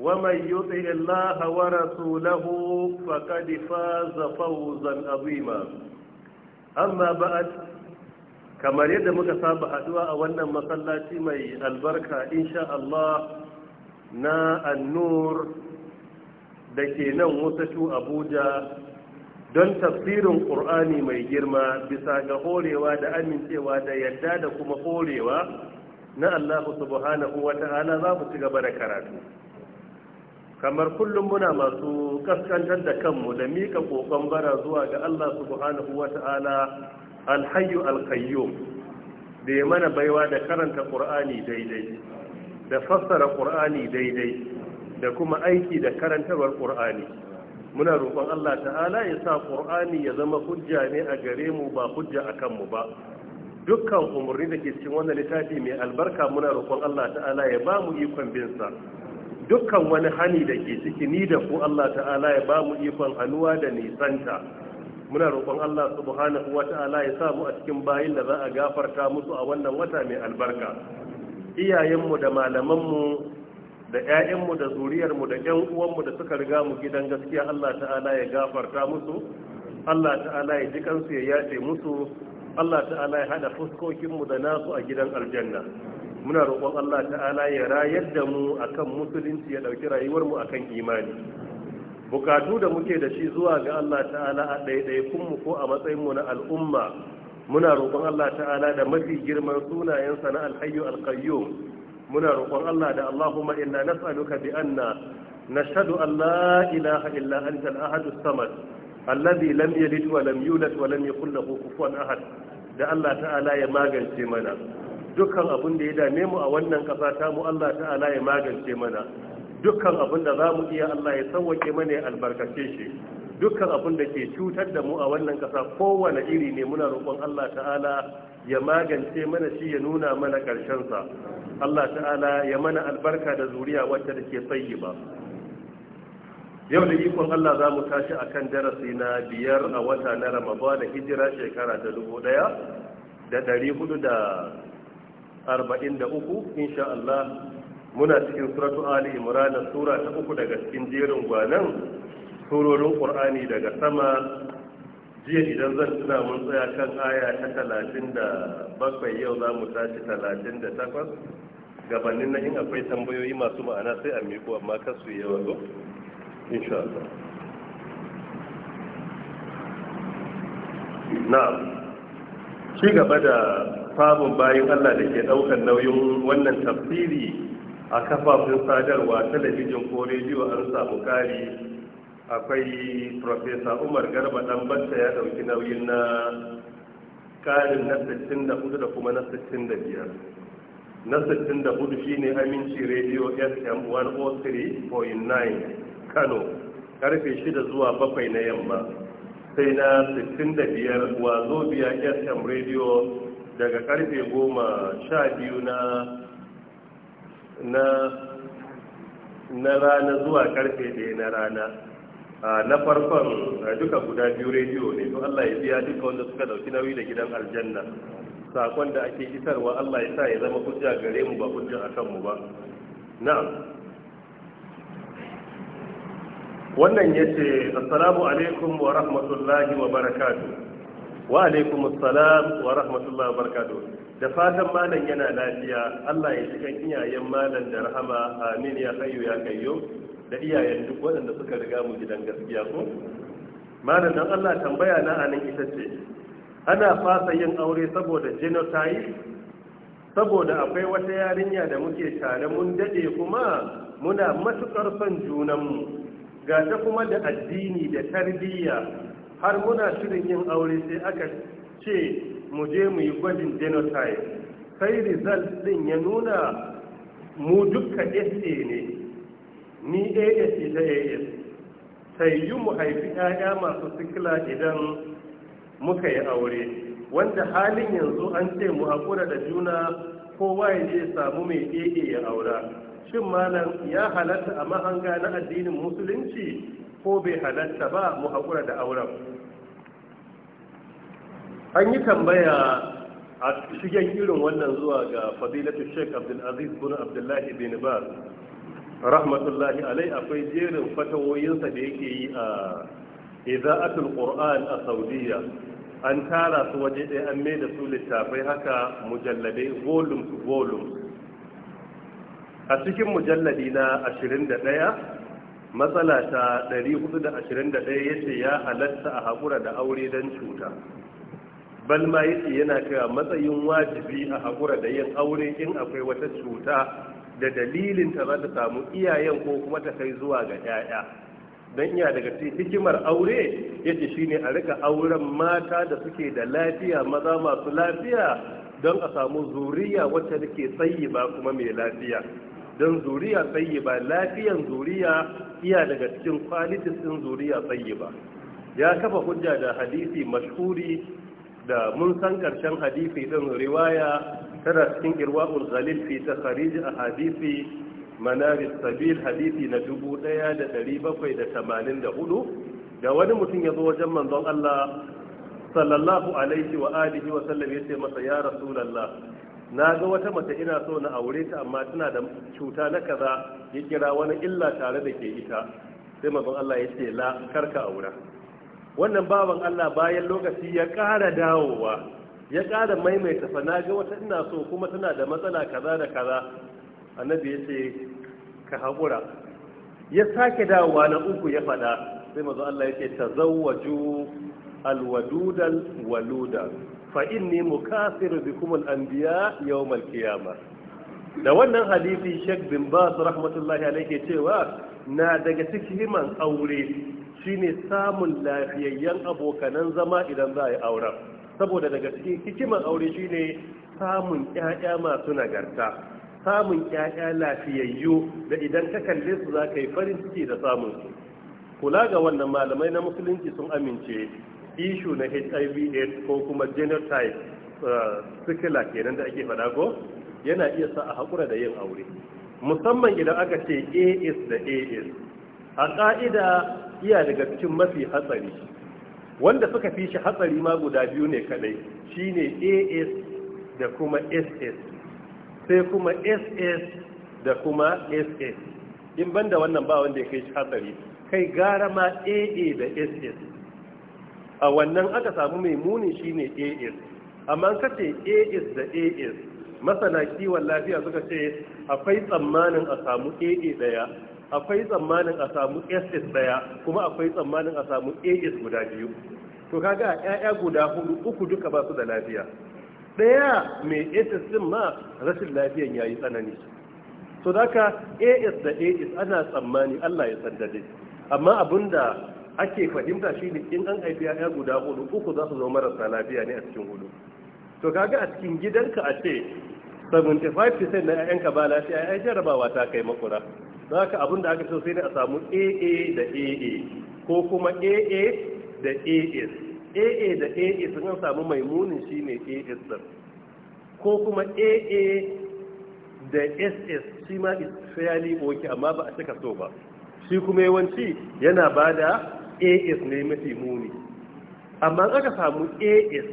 ومن يطع الله ورسوله فقد فاز فوزا عظيما أما بعد kamar yadda muka saba haɗuwa a wannan masallaci mai albarka insha Allah na annur da ke nan wasatu abuja don tafsirin ƙur'ani mai girma bisa ga horewa da amincewa da yadda da kuma horewa na allahu subhanahu wa ta'ala za mu ci gaba da karatu kamar kullum muna masu kaskantar da kanmu da mika kokon bara zuwa ga Allah subhanahu ta'ala alhayyu alqayyum da ya mana baiwa da karanta ƙur'ani daidai da fassara ƙur'ani daidai da kuma aiki da karantawar ƙur'ani. muna roƙon Allah ta'ala ya sa ƙur'ani ya zama hujja ne a gare mu ba hujja a kanmu ba dukkan umarni da ke cikin wannan littafi mai albarka muna roƙon Allah ta'ala ya ba mu ikon binsa dukkan wani hani da ke ciki ni da ku Allah ta'ala ya ba mu ikon hannuwa da nisanta muna roƙon Allah subhanahu wa ta'ala ya samu a cikin bayin da za a gafarta musu a wannan wata mai albarka iyayenmu da malamanmu da 'ya'yanmu da zuriyarmu da 'yan uwanmu da suka riga mu gidan gaskiya Allah ta'ala ya gafarta musu Allah ta'ala ya ji kansu ya yace musu Allah ta'ala ya hada fuskokinmu da nasu a gidan aljanna muna roƙon Allah ta'ala ya rayar da mu akan musulunci ya ɗauki rayuwar mu akan imani bukatu da muke da shi zuwa ga Allah ta'ala a ɗaiɗaikun kunmu ko a matsayin mu na al'umma muna roƙon Allah ta'ala da mafi girman sunayensa na alhayyu alqayyum muna roƙon Allah da Allahumma inna nas'aluka bi anna nashhadu an la ilaha illa anta al-ahad as-samad alladhi lam yalid wa lam yulad wa lam yakul lahu kufuwan ahad da Allah ta'ala ya magance mana dukkan abin da ya dame mu a wannan ƙasa ta mu Allah ta'ala ya magance mana dukkan abin da za mu iya Allah ya sauwake mana ya albarkace shi dukkan abin da ke cutar da mu a wannan ƙasa kowane iri ne muna roƙon Allah ta'ala ya magance mana shi ya nuna mana ƙarshensa Allah ta'ala ya mana albarka da zuriya wacce da ke tsayi ba yau da ikon Allah za mu tashi a kan darasi na biyar a wata na ramaba da hijira shekara ta dubu ɗaya da ɗari hudu da Arba'in da uku, insha Allah muna cikin suratu ali imran sura ta uku daga cikin jerin gwanan surorin qur'ani daga sama jiya idan zan tuna mun tsaya kan aya ta talatin da bakwai yau za mu tashi talatin da takwas? gabanin na in akwai tambayoyi masu ma'ana sai a miko amma kasu yawa zo insha Allah na'am ci gaba da sabon bayan Allah da ke ɗaukar nauyin wannan tafsiri a kafafun sadarwa talabijin ko rediyo an samu kari akwai Profesa Umar Garba ɗan Banta ya ɗauki nauyin na karin na 64 da kuma na 65. Na 64 shine Aminci Radio FM 103.9 Kano karfe 6 zuwa 7 na yamma sai na 65 Wazobia FM Radio daga karfe goma sha biyu na rana zuwa karfe ɗaya na rana na farkon duka guda biyu rediyo ne to Allah ya biya duka wanda suka dauki nauyi da gidan aljanna sakon da ake isarwa Allah ya sa ya zama hujja gare mu ba hujja a kanmu ba na'am wannan yace assalamu alaikum wa rahmatullahi wa barakatuh wa alaikum assalam wa rahmatullahi wa barakatuh da fatan malam yana lafiya Allah ya cikin iyayen malam da rahama amin ya hayyu ya kayyo da iyayen duk waɗanda suka riga mu gidan gaskiya ko malam dan Allah tambaya na anan ita ce ana fasa yin aure saboda genotype saboda akwai wata yarinya da muke tare mun dade kuma muna matukar son junanmu ga ta kuma da addini da tarbiyya har muna shirin yin aure sai aka ce mu je mu yi gwajin genotype sai result din ya nuna mu dukka sa ne ni as da as sai yi mu haifi 'ya'ya masu sikila idan muka yi aure wanda halin yanzu an ce mu haƙura da juna kowa ya je samu mai aa ya aura shin malam ya halatta a mahanga na addinin musulunci ko bai halatta ba mu haƙura da auren an yi tambaya a shigen irin wannan zuwa ga fadilatu sheik abdulaziz bin abdullahi bin baz rahmatullahi alai akwai jerin fatawoyinsa da yake yi a iza'atul qur'an a saudiya an tara su waje ɗaya an mai da su littafai haka mujalladai volumes volume a cikin mujalladi na ɗaya. matsala ta 421 ce ya halatta a haƙura da aure don cuta bal ma ce yana kira matsayin wajibi a haƙura da yin aure in akwai wata cuta da dalilin ta za ta samu iyayen ko kuma ta kai zuwa ga 'ya'ya don iya daga cikin hikimar aure shi ne a rika auren mata da suke da lafiya maza masu lafiya don a samu zuriya wacce take tsayi ba kuma mai lafiya don zuriya ba lafiyan zuriya iya daga cikin kwalitis din zuriya ba. ya kafa hujja da hadisi mashhuri da mun san karshen hadisi din riwaya tana cikin irwaul zalil fi takhrij ahadisi manaris sabil hadisi na 1784 da wani mutum ya zo wajen manzon Allah sallallahu alaihi wa alihi wa sallam yace masa ya rasulullah na ga wata mace ina so na aure ta amma tana da cuta na kaza ya kira wani illa tare da ke ita sai mazan Allah ya ce la karka aura wannan baban Allah bayan lokaci ya ƙara dawowa ya ƙara maimaita fa na ga wata ina so kuma tana da matsala kaza da kaza annabi ya ce ka haƙura ya sake dawowa na uku ya faɗa sai mazan Allah ya ce tazawwaju alwadudal waludan. fa inni mukasiru bikum al-anbiya yawm al-qiyamah da wannan hadisi shek bin Bas rahmatullahi alayhi cewa na daga cikin aure shine samun lafiyayyen abokanan zama idan za a yi auren saboda daga cikin hikiman aure shine samun ƴaƴa masu nagarta samun ƴaƴa lafiyayyu da idan ka kalle su za ka yi farin ciki da samun su kula ga wannan malamai na musulunci sun amince ishu na hiv aids ko kuma genotype sikila uh, kenan da ake faɗa ko yana iya sa a haƙura da yin aure musamman idan aka ce as da as a ƙa'ida iya daga cikin mafi hatsari wanda suka fi shi hatsari ma guda biyu ne kadai shine as da kuma ss sai kuma ss da kuma ss in banda wannan ba wanda ya kai shi hatsari kai gara ma aa da ss a wannan aka samu mai muni shi shine AS amma kace AS da AS masana kiwon lafiya suka ce akwai tsammanin a samu AA daya akwai tsammanin a samu SS daya kuma akwai tsammanin a samu AS guda biyu to kaga yaya guda hudu uku duka ba su da lafiya daya mai SS din ma rashin lafiyan yayi tsanani so daka AS da AS ana tsammani Allah ya san dade amma abinda ake fahimta shi ne in an haifi ya guda hudu uku za su zo marasa lafiya ne a cikin hudu to kaga a cikin gidanka a ce 75% na 'ya'yanka ba lafiya ya jarabawa ta kai makura za ka abin da aka so sai ne a samu aa da aa ko kuma aa da as aa da aa sun samu maimunin shi ne as din ko kuma aa da ss shi ma is fairly okay amma ba a cika so ba shi kuma yawanci yana ba da as ne mafi muni amma aka samu as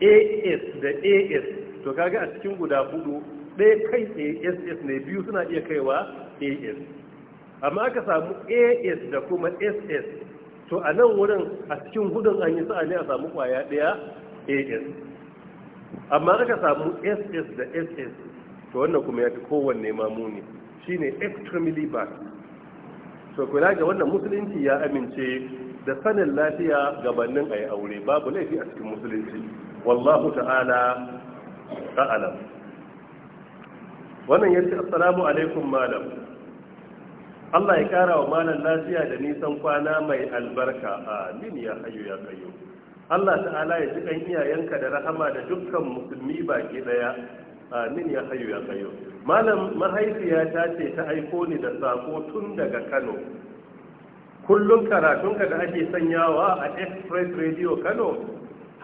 as da as to kaga a cikin guda hudu ɗaya kai ass ne biyu suna iya kaiwa as amma aka samu as da kuma ss to a nan wurin a cikin hudun an yi sa'a ne a samu kwaya ɗaya as amma aka samu ss da ss to wannan kuma ya fi kowanne mamuni shine extremely bad to kula ga wannan musulunci ya amince da sanin lafiya gabanin a yi aure babu laifi a cikin musulunci wallahu ta'ala ta'alam wannan ya assalamu alaikum malam Allah ya kara wa malam lafiya da nisan kwana mai albarka a min ya hayo ya kayo Allah ta'ala ya ji ɗan iyayenka da rahama da dukkan musulmi baki ɗaya. amin ya hayu ya malam mahaifiya ta ce ta aiko ni da sako tun daga kano kullum karatunka da ake sanyawa a express radio kano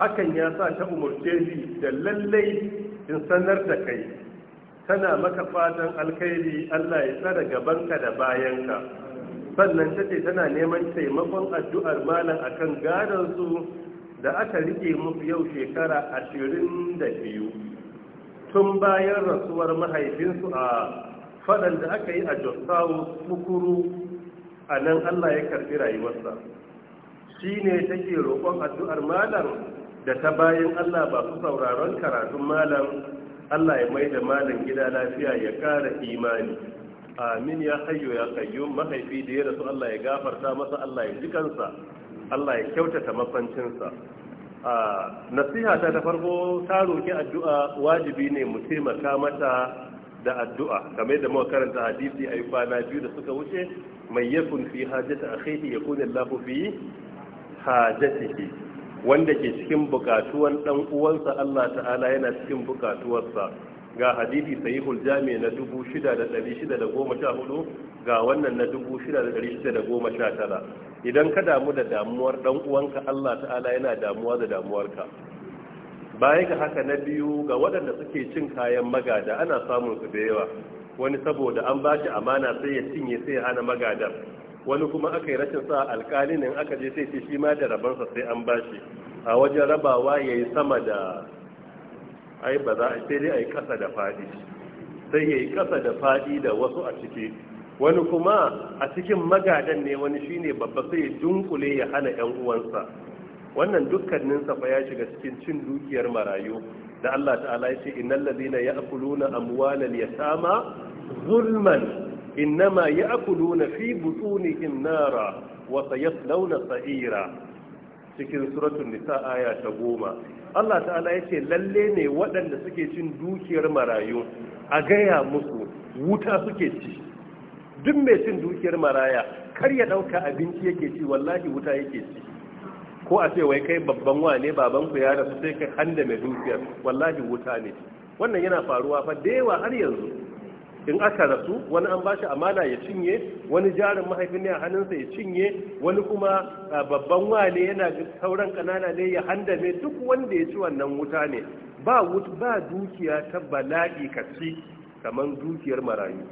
hakan ya sa ta umarce ni da lallai in sanar da kai tana maka fatan alkhairi allah ya tsara gabanka da bayanka sannan ta ce tana neman taimakon addu'ar malam akan gadon su da aka rike musu yau shekara ashirin da biyu tun bayan rasuwar mahaifinsu a faɗan da aka yi a josawo tukuru a nan allah ya karɓi rayuwarsa shi ne take roƙon addu'ar malam da ta bayan allah ba su sauraron karatun malam allah ya mai da malam gida lafiya ya ƙara imani amin ya hayo ya mahaifin mahaifi da ya rasu allah ya gafarta masa allah ya jikansa allah ya kyautata mafancinsa nasiha ta ta farko ta roki addu'a wajibi ne mu taimaka mata da addu'a kamar da muka karanta hadisi a kwana biyu da suka wuce mai yakun fi hajjata akhihi yakun Allahu fi hajjatihi wanda ke cikin bukatuwan dan uwansa Allah ta'ala yana cikin bukatuwarsa ga hadisi sahihul jami na 6614 ga wannan na 6619 idan ka damu da damuwar dan uwanka Allah ta'ala yana damuwa da damuwarka baya ga haka na biyu ga waɗanda suke cin kayan magada ana samun su da yawa wani saboda an ba shi amana sai ya cinye sai ya hana magadar wani kuma aka yi rashin sa alƙalinin aka je sai shi ma da rabansa sai an ba shi a wajen rabawa ya yi sama da ai ba za a sai dai a yi kasa da fadi sai ya yi kasa da faɗi da wasu a ciki wani kuma a cikin magadan ne wani shine babba sai ya dunkule ya hana yan uwansa wannan dukkaninsa fa ya shiga cikin cin dukiyar marayu da Allah ta'ala ya ce innal ladina ya'kuluna amwalal yatama zulman innama ya'kuluna fi butunihim nara wa sayaslawna sa'ira cikin suratun nisa aya ta goma Allah ta'ala ya ce lalle ne waɗanda suke cin dukiyar marayu a gaya musu wuta suke ci duk mai cin dukiyar maraya kar ya ɗauka abinci yake ci wallahi wuta yake ci ko a ce wai kai babban wane baban ku ya rasu sai kai handa mai dukiyar wallahi wuta ne wannan yana faruwa fa da yawa har yanzu in aka rasu wani an bashi amana ya cinye wani jarin mahaifin ne a hannunsa ya cinye wani kuma babban wane yana sauran kanana ne ya handame duk wanda ya ci wannan wuta ne ba ba dukiya ta bala'i ka ci kamar dukiyar marayu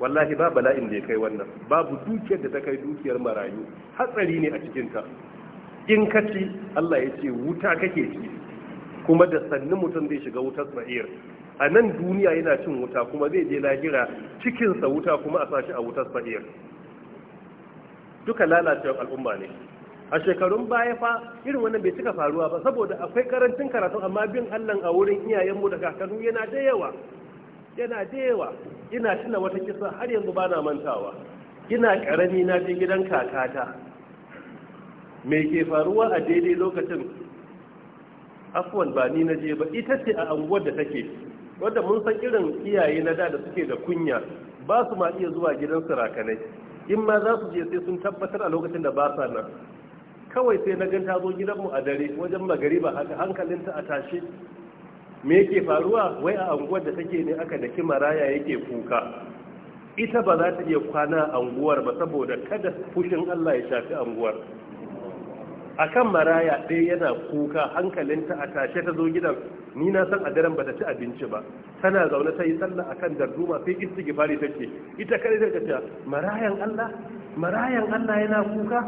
wallahi ba bala'in da ya kai wannan babu dukiyar da ta kai dukiyar marayu hatsari ne a cikinta in ka ci Allah ya ce wuta kake ci kuma da sannu mutum zai shiga wutar sa'ir a nan duniya yana cin wuta kuma zai je lahira cikinsa wuta kuma a sashi a wutar sa'ir duka lalacewar al'umma ne a shekarun baya fa irin wannan bai cika faruwa ba saboda akwai karancin karatu amma bin allah a wurin iyayenmu da kakannu yana da yawa yana da yawa ina tuna wata kisa har yanzu bana mantawa ina karami na je gidan kakata me ke faruwa a daidai lokacin afwan ba ni na je ba ita ce a anguwar da take wanda mun san irin iyaye na da da suke da kunya ba su ma iya zuwa gidan sarakanai in ma za su je sai sun tabbatar a lokacin da ba sa nan kawai sai na gan ta zo gidanmu a dare wajen magari magariba haka hankalinta a tashe me yake faruwa wai a anguwar da take ne aka daki maraya yake kuka ita ba za ta iya kwana a anguwar ba saboda kada fushin Allah ya shafi anguwar akan maraya ɗaya yana kuka hankalinta a tashe ta zo gidan ni na san a daren ba ta ci abinci ba tana zaune ta yi sallah akan darduma sai ta take ita kare ta ce marayan Allah marayan Allah yana kuka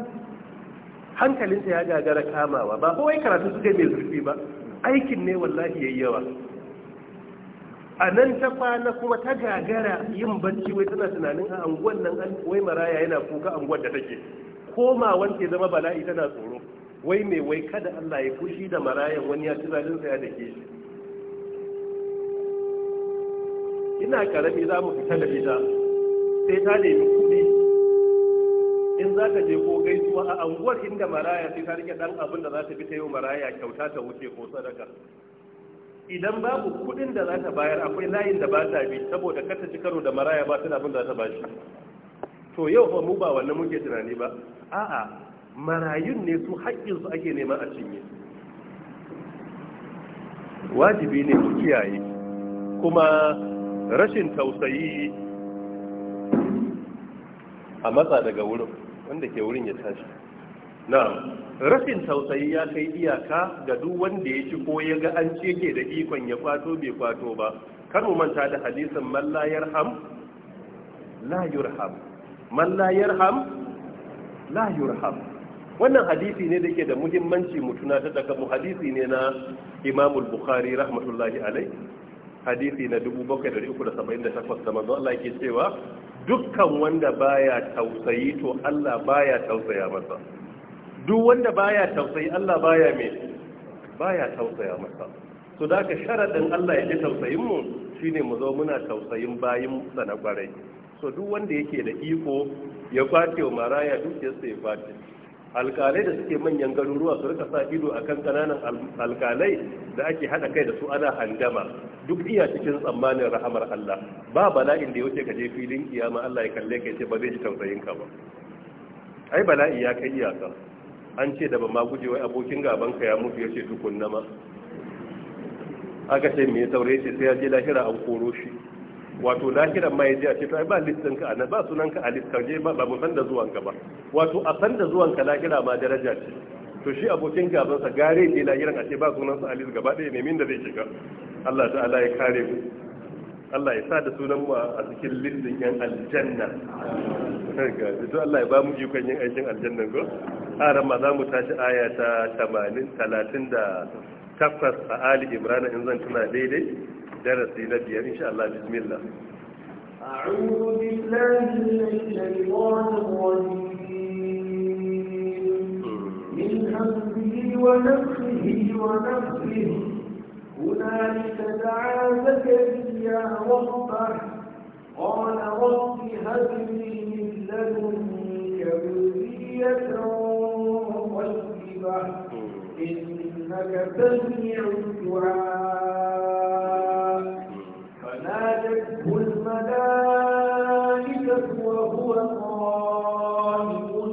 hankalinta ya gagara kamawa ba kawai karatu suke mai zurfi ba aikin ne wallahi ya yi yawa. a nan ta kwana kuma ta gagara yin banci wai tana tunanin a anguwan nan wai maraya yana kuka anguwan da take koma wanda zama bala'i tana tsoro wai mai wai kada Allah ya fushi da marayan wani ya ci zalin sa ya dake shi ina karami za mu fita da ita sai ta nemi kuɗi in za ka je ko gaisuwa a anguwar inda maraya sai ta rike dan abin da za ta bi ta yau maraya kyauta ta wuce ko sadaka idan babu kuɗin da za ta bayar akwai layin da ba ta bi saboda kar ta ci karo da maraya ba tana abin da za ta bashi to yau fa mu ba wannan muke tunani ba a'a marayun ne su haƙƙin su ake nema a cinye wajibi ne mu kiyaye kuma rashin tausayi a matsa daga wurin wanda ke wurin ya tashi na rashin tausayi ya kai iyaka ga duk wanda ya ci ko ya ga an ce ke da ikon ya kwato bai kwato ba Kan mu manta da hadisin mallayar ham, la yurham man la yarham la yurham wannan hadisi ne da ke da muhimmanci mu tunata daga mu hadisi ne na Imam Bukhari rahmatullahi alai hadisi na 7378 da manzo Allah yake cewa dukkan wanda baya tausayi to Allah baya tausaya masa duk wanda baya tausayi Allah baya me baya tausaya masa to da ka sharadin Allah ya ji tausayin mu shine mu zo muna tausayin bayin sa kwarai so duk wanda yake da iko ya kwace wa maraya duk ya kwace alkalai da suke manyan garuruwa su rika sa ido akan kananan alkalai da ake hada kai da su ana handama duk iya cikin tsammanin rahamar Allah ba bala'in da yake ka je filin kiyama Allah ya kalle ka ce ba zai ji tausayin ka ba ai bala'i ya kai iyaka an ce da ba ma guje wai abokin gaban ka ya mutu yace tukunna ma aka ce me saurayi ce sai ya je lahira an koro shi wato lahiran ma yaje a ce to ai ba listin ka anan ba sunan ka a listar je ba mu san da zuwan ka ba wato a san da zuwan ka lahira ma daraja ce to shi abokin gaban sa gare ne lahiran a ce ba sunan sa alis gaba ɗaya ne min da zai shiga Allah ta'ala ya kare mu Allah ya sa da sunan mu a cikin listin yan aljanna ga to Allah ya ba mu ikon yin aikin aljanna go a ran ma za mu tashi aya ta 80 38 a Ali Imran in zan tuna daidai darasi يعني ان شاء الله بسم الله أعوذ بالله من الشيطان الرجيم من همزه ونفسه ونفسه هنالك دعا زكريا ربه قال رب هب لي من لدنك ذرية طيبة إنك تسمع الدعاء ونادته الملائكة وهو قائم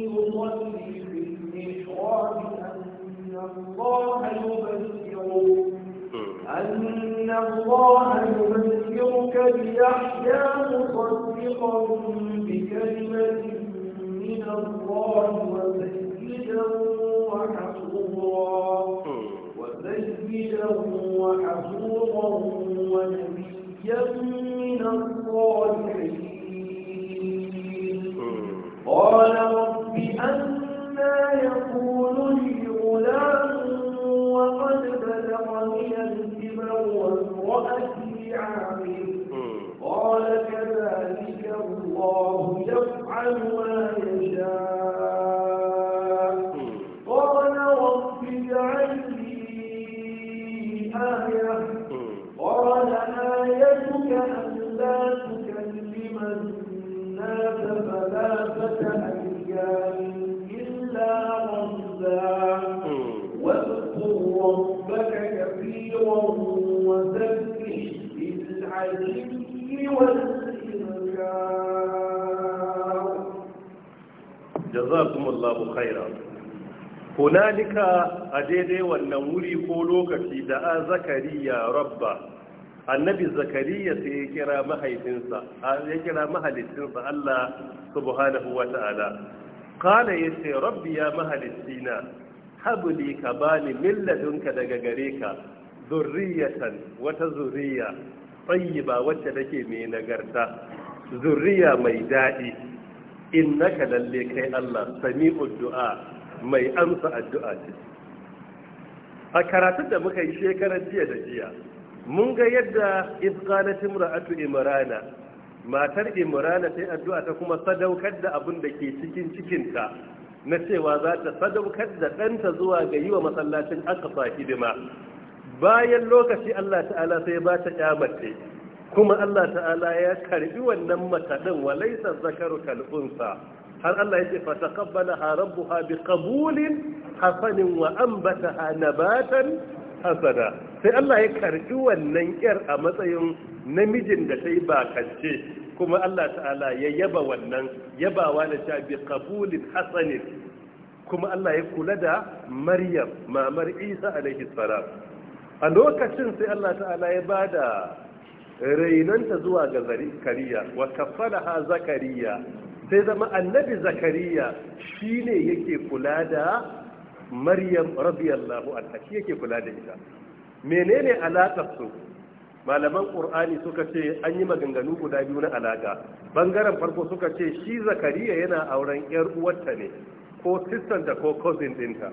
يصلي في المحراب أن الله يبشرك أن الله يبشرك بيحيى مصدقا بكلمة من الله وسيدا وحصورا وسيدا وحصورا ونبيا نبيا من الصالحين da'a zakariya rabba annabi zakariya sai ya kira mahaifinsa ya kira mahalicinsa Allah subhanahu wa ta'ala ya ce rabbi ya mahalicina habli ka bani milladunka daga gare ka zurriyatan wata zuriya tayyiba wacce take mai nagarta zurriya mai daɗi innaka lalle kai Allah sami'ud du'a mai amsa addu'a ce a karatun da muka yi shekarar jiya da jiya mun ga yadda izqalat imra'atu imrana matar imrana sai addu'a ta kuma sadaukar da abin da ke cikin cikinta na cewa za ta sadaukar da ɗanta zuwa ga yi wa masallacin aka hidima bayan lokaci Allah ta'ala sai ba ta kyamace kuma Allah ta'ala ya karɓi wannan mataɗin wa laisa zakaru kal'unsa har Allah yake fa taqabbalaha rabbuha bi qabulin hasanin wa anbataha nabatan hasana sai Allah ya karbi wannan yar a matsayin namijin da sai ba kance kuma Allah ta'ala ya yaba wannan yabawa da ta bi qabulin hasanin kuma Allah ya kula da Maryam mamar Isa alaihi salam a lokacin sai Allah ta'ala ya bada rainanta zuwa ga Zakariya wa kafalaha Zakariya sai zama annabi zakariya shi ne yake kula da maryam radiyallahu anha shi yake kula da ita menene alaƙar su malaman ƙur'ani suka ce an yi maganganu guda biyu na alaƙa bangaren farko suka ce shi zakariya yana auren yar uwarta ne ko da ko cousin ɗinta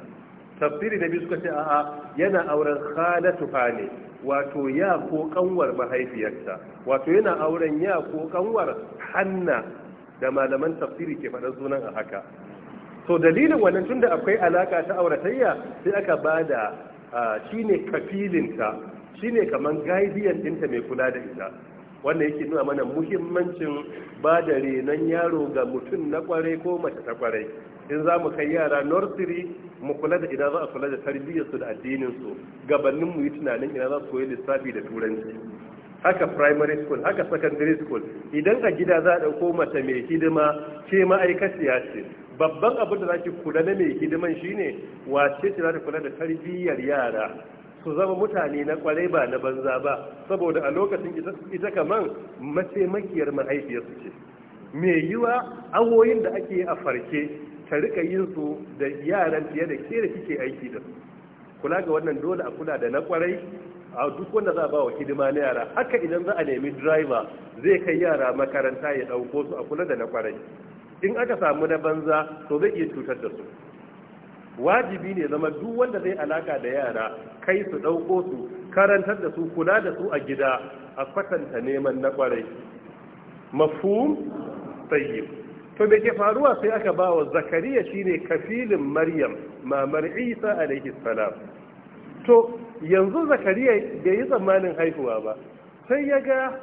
tafsiri da biyu suka ce a'a yana auren khalatuha ne wato ya ko kanwar mahaifiyarta wato yana auren ya ko kanwar hanna da malaman tafsiri ke faɗan sunan a haka To dalilin wannan da akwai alaka ta auratayya sai aka ba bada shine kafilinta shine kamar gaidiyan dinta mai kula da ita wanda yake nuna mana muhimmancin ba da renon yaro ga mutum na kwarai ko mace ta kwarai in za mu kai yara nursery mu kula da ina za a kula da tarbiyyarsu da addininsu gabanin mu yi tunanin ina za su koyi lissafi da turanci haka primary school haka secondary school idan a gida za a ɗauko mace mai hidima ce ma'aikaciya ce babban abin da za ki kula na mai hidiman shine wace ce za ta kula da tarbiyyar yara su zama mutane na kwarai ba na banza ba saboda a lokacin ita kaman mataimakiyar mahaifiyarsu ce mai yiwa awoyin da ake a farke ta rika yin su da yaran fiye da ke da kike aiki da su kula ga wannan dole a kula da na kwarai a duk wanda za a ba wa hidima na yara haka idan za a nemi driver zai kai yara makaranta ya dauko su a kula da na kwarai in aka samu na banza to zai iya cutar da su wajibi ne zama duk wanda zai alaka da yara kai su ɗauko su karantar da su kula da su a gida a kwatanta neman na kwarai mafhum tayyib to da ke faruwa sai aka ba wa zakariya shine kafilin maryam mamar isa alaihi salam to yanzu zakariya bai yi tsammanin haihuwa ba sai ya ga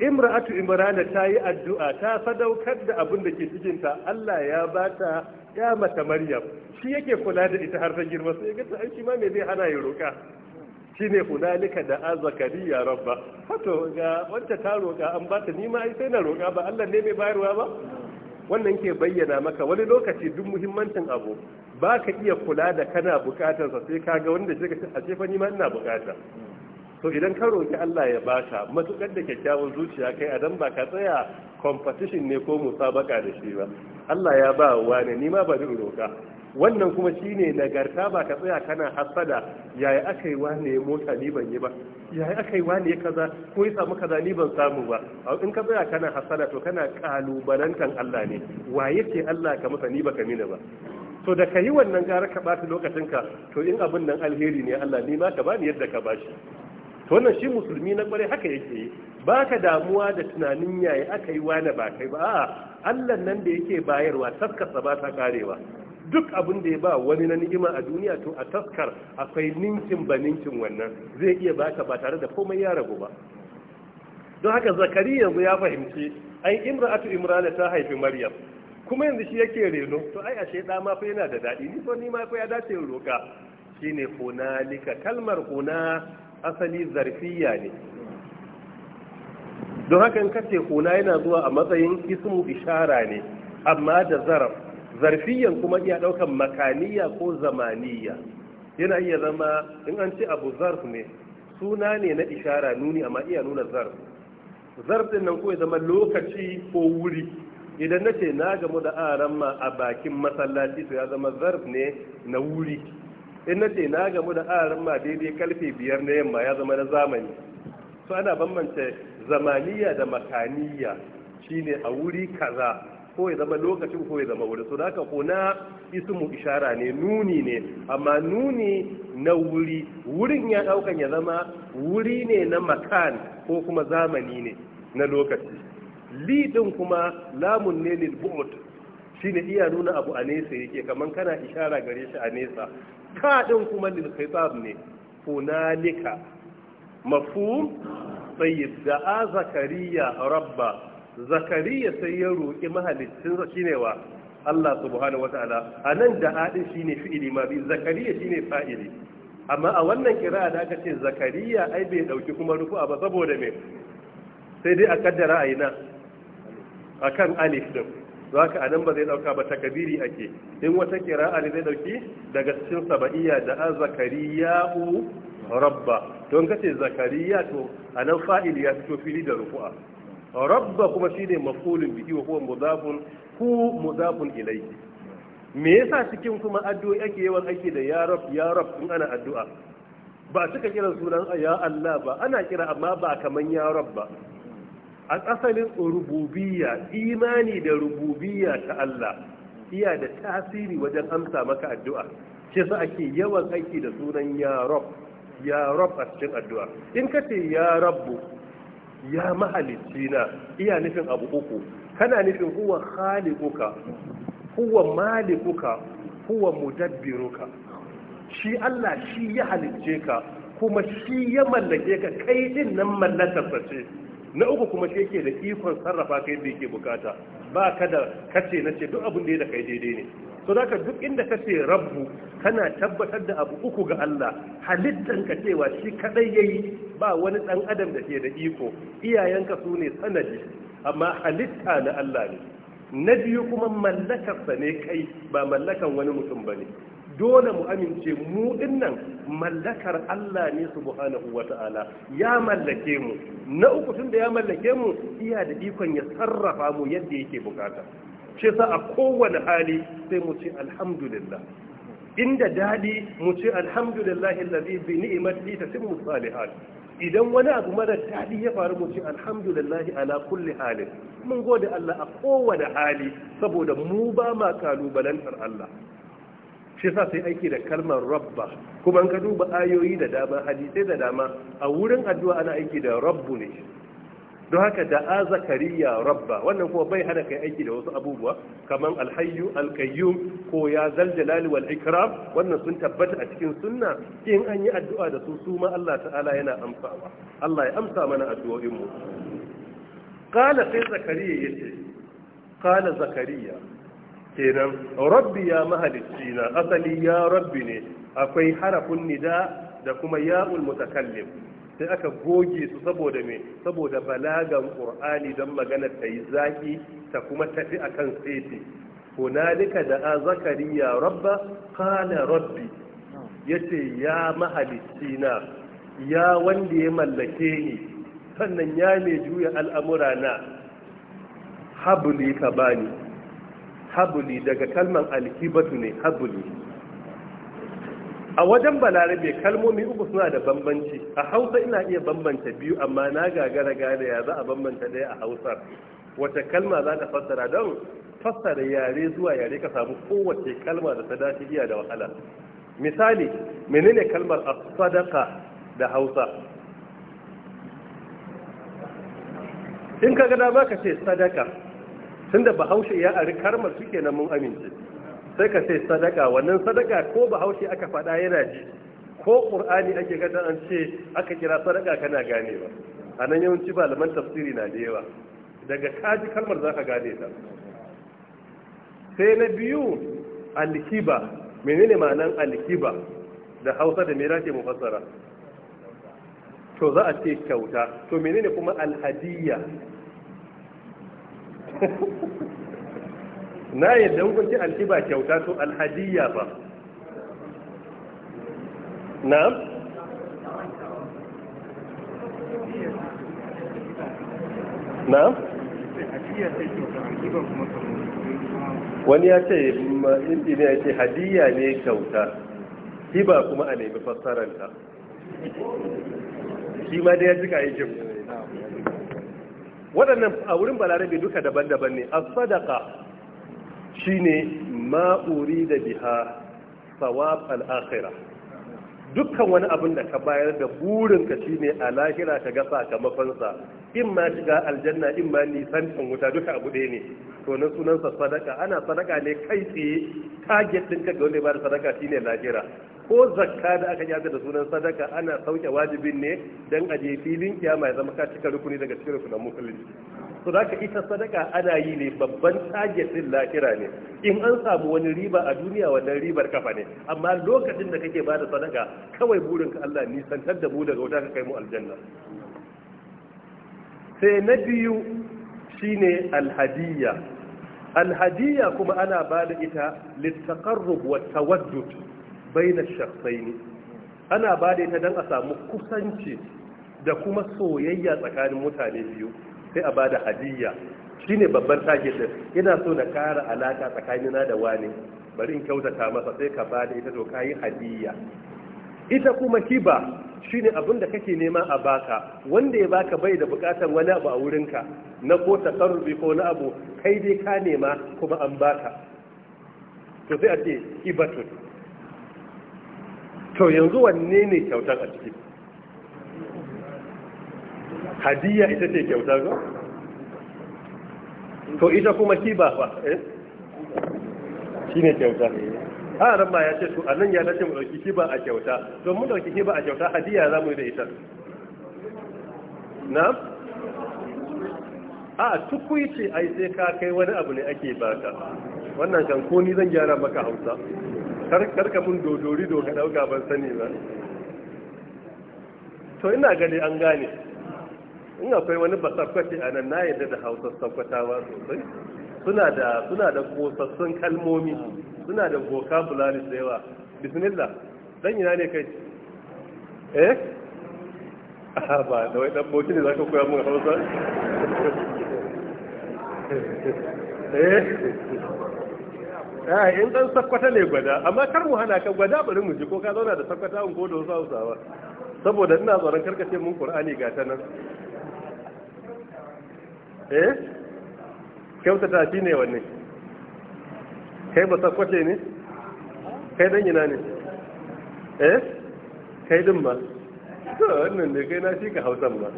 imra'atu imrana ta yi addu'a ta sadaukar da abin da ke cikinta Allah ya ba ta ya mata maryam shi yake kula da ita har ta girma sai ga ta aiki ma me zai hana ya roka shine hunalika da azakariya rabba fato ga wanda ta roka an ba ta nima ai sai na roka ba Allah ne mai bayarwa ba wannan ke bayyana maka wani lokaci duk muhimmancin abu ba ka iya kula da kana sa sai ka ga wanda shi a ce fa ni ma ina bukata to idan ka roki Allah ya baka matukar da kyakkyawan zuciya kai adam ba ka tsaya competition ne ko musabaka da shi ba Allah ya ba ne, ni ma ba roka wannan kuma shi shine nagarta ba ka tsaya kana hasada yaya aka yi wane mota ni ban yi ba yaya aka yi wane kaza ko ya samu kaza ni ban samu ba in ka tsaya kana hasada to kana kalubalantan Allah ne wa yake Allah ka masa ni baka mini ba to da ka yi wannan gara ka ɓata lokacinka to in abin nan alheri ne Allah ni ma ka bani yadda ka bashi to wannan shi musulmi na kware haka yake yi ba ka damuwa da tunanin yayi aka yi wane ba kai ba a'a Allah nan da yake bayarwa taskasa ba ta karewa duk abin da ya ba wani na ni'ima a duniya to a taskar akwai ninkin ba ninkin wannan zai iya baka ba tare da komai ya ragu ba don haka zakari yanzu ya fahimci ai imra'atu imrana ta haifi maryam kuma yanzu shi yake reno to ai ashe da ma fa yana da dadi ni fa ni ma fa ya dace in roka shine hunalika kalmar huna asali zarfiya ne don haka in kace huna yana zuwa a matsayin ismu ishara ne amma da zarf zarfiyan kuma iya ɗaukan makaniya ko zamaniya yana iya zama in an ce abu zarf ne suna ne na ishara nuni amma iya nuna zarf zarf din nan ko ya zama lokaci ko wuri idan na ce na gamu da aran ma a bakin masallaci to ya zama zarf ne na wuri in na ce na gamu da aran ma daidai karfe biyar na yamma ya zama na zamani to ana bambance zamaniya da makaniya shine a wuri kaza ko ya zama lokacin ko ya zama wuri so haka kuna ismu ishara ne nuni ne amma nuni na wuri wurin ya daukan ya zama wuri ne na makan ko kuma zamani ne na lokaci li din kuma lamun ne lil bu'd shine iya nuna abu a nesa yake kaman kana ishara gare shi a nesa ka din kuma lil khitab ne hunalika mafhum sayyid da zakariya rabba zakariya sai ya roƙi mahalicinsa ne wa Allah subhanahu wataala anan da hadin shine fi'ili ma bi zakariya shine fa'ili amma a wannan kira da aka ce zakariya ai bai dauki kuma a ba saboda me sai dai a kaddara a akan alif din zaka anan ba zai dauka ba takabiri ake in wata kira ne zai dauki daga cikin sabaiya da zakariya'u rabba don kace zakariya to anan fa'ili ya fito fili da rufu'a rabba kuma shine maf'ulun bihi wa huwa mudafun ku mudafun ilayhi me yasa cikin kuma addu'o'i ake yawan ake da ya rab ya rab in ana addu'a ba cika kira sunan ya Allah ba ana kira amma ba kaman ya rab ba a asalin rububiyya imani da rububiya ta Allah iya da tasiri wajen amsa maka addu'a shi sa ake yawan aiki da sunan ya rab ya rab a cikin addu'a in ka ce ya rabbu ya mahalicci na iya nufin abu uku kana nufin huwa khaliquka huwa malikuka huwa mudabbiruka shi Allah shi ya halicce ka kuma shi ya mallake ka kai din nan mallakar ce na uku kuma shi yake da ikon sarrafa kai da yake bukata ba ka da kace na ce duk abin da ya da kai daidai ne to da duk inda ka ce rabbu kana tabbatar da abu uku ga Allah halittan ka cewa shi kadai yayi ba wani dan adam da ke da iko iyayenka su ne sanadi amma halitta na Allah ne na biyu kuma mallakarsa ne kai ba mallakan wani mutum bane dole mu amince mu dinnan mallakar Allah ne subhanahu wata'ala ya mallake mu na uku tunda ya mallake mu iya da ikon ya sarrafa mu yadda yake bukata shi sa a kowane hali sai mu ce alhamdulillah inda dadi mu ce alhamdulillah allazi bi ni'matihi tatimmu salihat idan wani abu mara daɗi ya faru mu ce alhamdulillah ala kulli halin mun gode Allah a kowane hali saboda mu ba ma kalubalantar Allah shi sa sai aiki da kalmar rabba kuma an ka duba ayoyi da dama hadisai da dama a wurin addu'a ana aiki da rabbu ne don haka da'a zakariya rabba wannan kuma bai hada kai aiki da wasu abubuwa kamar alhayyu alqayyum ko ya jalali wal ikram wannan sun tabbata a cikin sunna in an yi addu'a da su su ma Allah ta'ala yana amsawa Allah ya amsa mana addu'o'in mu qala sai zakariya yace qala zakariya kenan rabbi ya mahalicci na asali ya rabbi ne akwai harafin nida da kuma ya'ul mutakallim sai aka goge su saboda me saboda balagan qur'ani don magana ta yi zaki ta kuma tafi akan seti hunalika da a zakariya rabba qala rabbi yace ya mahalicina ya wanda ya mallake ni sannan ya mai juya al'amura na habuli ka bani habuli daga kalman alkibatu ne habuli a wajen balarabe kalmomi uku suna da bambanci a hausa ina iya bambanta biyu amma na gagara gane ya za a bambanta ɗaya a Hausa, wata kalma za ka fassara don fassara yare zuwa yare ka samu kowace kalma da ta dace iya da wahala misali menene kalmar a sadaka da hausa in ka gada ba ka ce sadaka tunda bahaushe ya ari kalmar suke na mun amince sai ka ce sadaka wannan sadaka ko bahaushe aka faɗa yana ji ko ƙur'ani ake gada an ce aka kira sadaka kana ganewa a nan yawanci malaman tafsiri na da yawa daga kaji kalmar za ka gane ta sai na biyu alkiba menene ma'anan alkiba da hausa da mera ke mufassara to za a ce kyauta to menene kuma alhadiyya na yadda kun ci alhiba kyauta su alhadiyya ba Na? Na? wani ya ce ne ya ce hadiyya ne kyauta hiba kuma a nemi fassaranta shi ma da ya jika jim? waɗannan a wurin balarabe duka daban-daban ne a sadaka Shi ne ma'uri da biha sawab al'akira dukkan wani abin da ka bayar da burinka shine a lahira ka gasa ga sakamakonsa in ma shiga aljanna in ma nisan in wuta duka abu ɗaya ne to nan sunansa sadaka ana sadaka ne kai tsaye target dinka ga wanda ba bada sadaka shine lahira ko zakka da aka yada da sunan sadaka ana sauke wajibin ne dan aje filin kiyama ya zama ka cika rukuni daga cikin rukunan musulunci su ka ita sadaka ana yi ne babban target din lahira ne in an samu wani riba a duniya wannan ribar kafa ne amma lokacin da kake bada sadaka kawai burinka Allah nisantar da mu daga wuta ka kai mu aljanna sai na biyu shine alhadiyya alhadiyya kuma ana bada ita litaqarrub wa tawaddud baina ash-shakhsayn ana bada ita dan a samu kusanci da kuma soyayya tsakanin mutane biyu sai a bada hadiyya shine babban target din ina so na kara alaka tsakanina da wani bari in kyautata masa sai ka bada ita to kayi hadiyya ita kuma kiba shine abin da kake nema a baka wanda ya baka bai da bukatar wani abu a wurinka na ko takarrubi ko na abu kai dai ka nema kuma an baka to sai a ce hibatun to yanzu wanne ne kyautar a ciki hadiya ita ce kyauta zo? to ita kuma ki ba fa eh? Shi ne kyauta a ran ma ya ce su annan ya dace mu dauki ba a kyauta to mu dauki ba a kyauta hadiya za mu yi da ita na a tukui ce ai sai ka kai wani abu ne ake baka wannan kan ko ni zan gyara maka hausa karka mun dodori do ka dauka ban sani ba to ina gani an gane in akwai wani basakwace a nan na yadda da hausa sakwatawa sosai suna da suna da kosassun kalmomi suna da vocabulary da yawa bismillah dan ina ne kai eh a ba da wai dan boki ne zaka koya mun hausa eh a ah, in dan sakwata ne gwada amma kar mu hana ka gwada bari mu ji ko ka zauna da sakwata ko da wasu hausawa saboda ina tsoron karkace mun qur'ani ga ta nan eh kyautata shi ne wanne kai ba sakwace ne kai dan yana ne eh kai din ba to wannan ne kai na shi ka hausan ba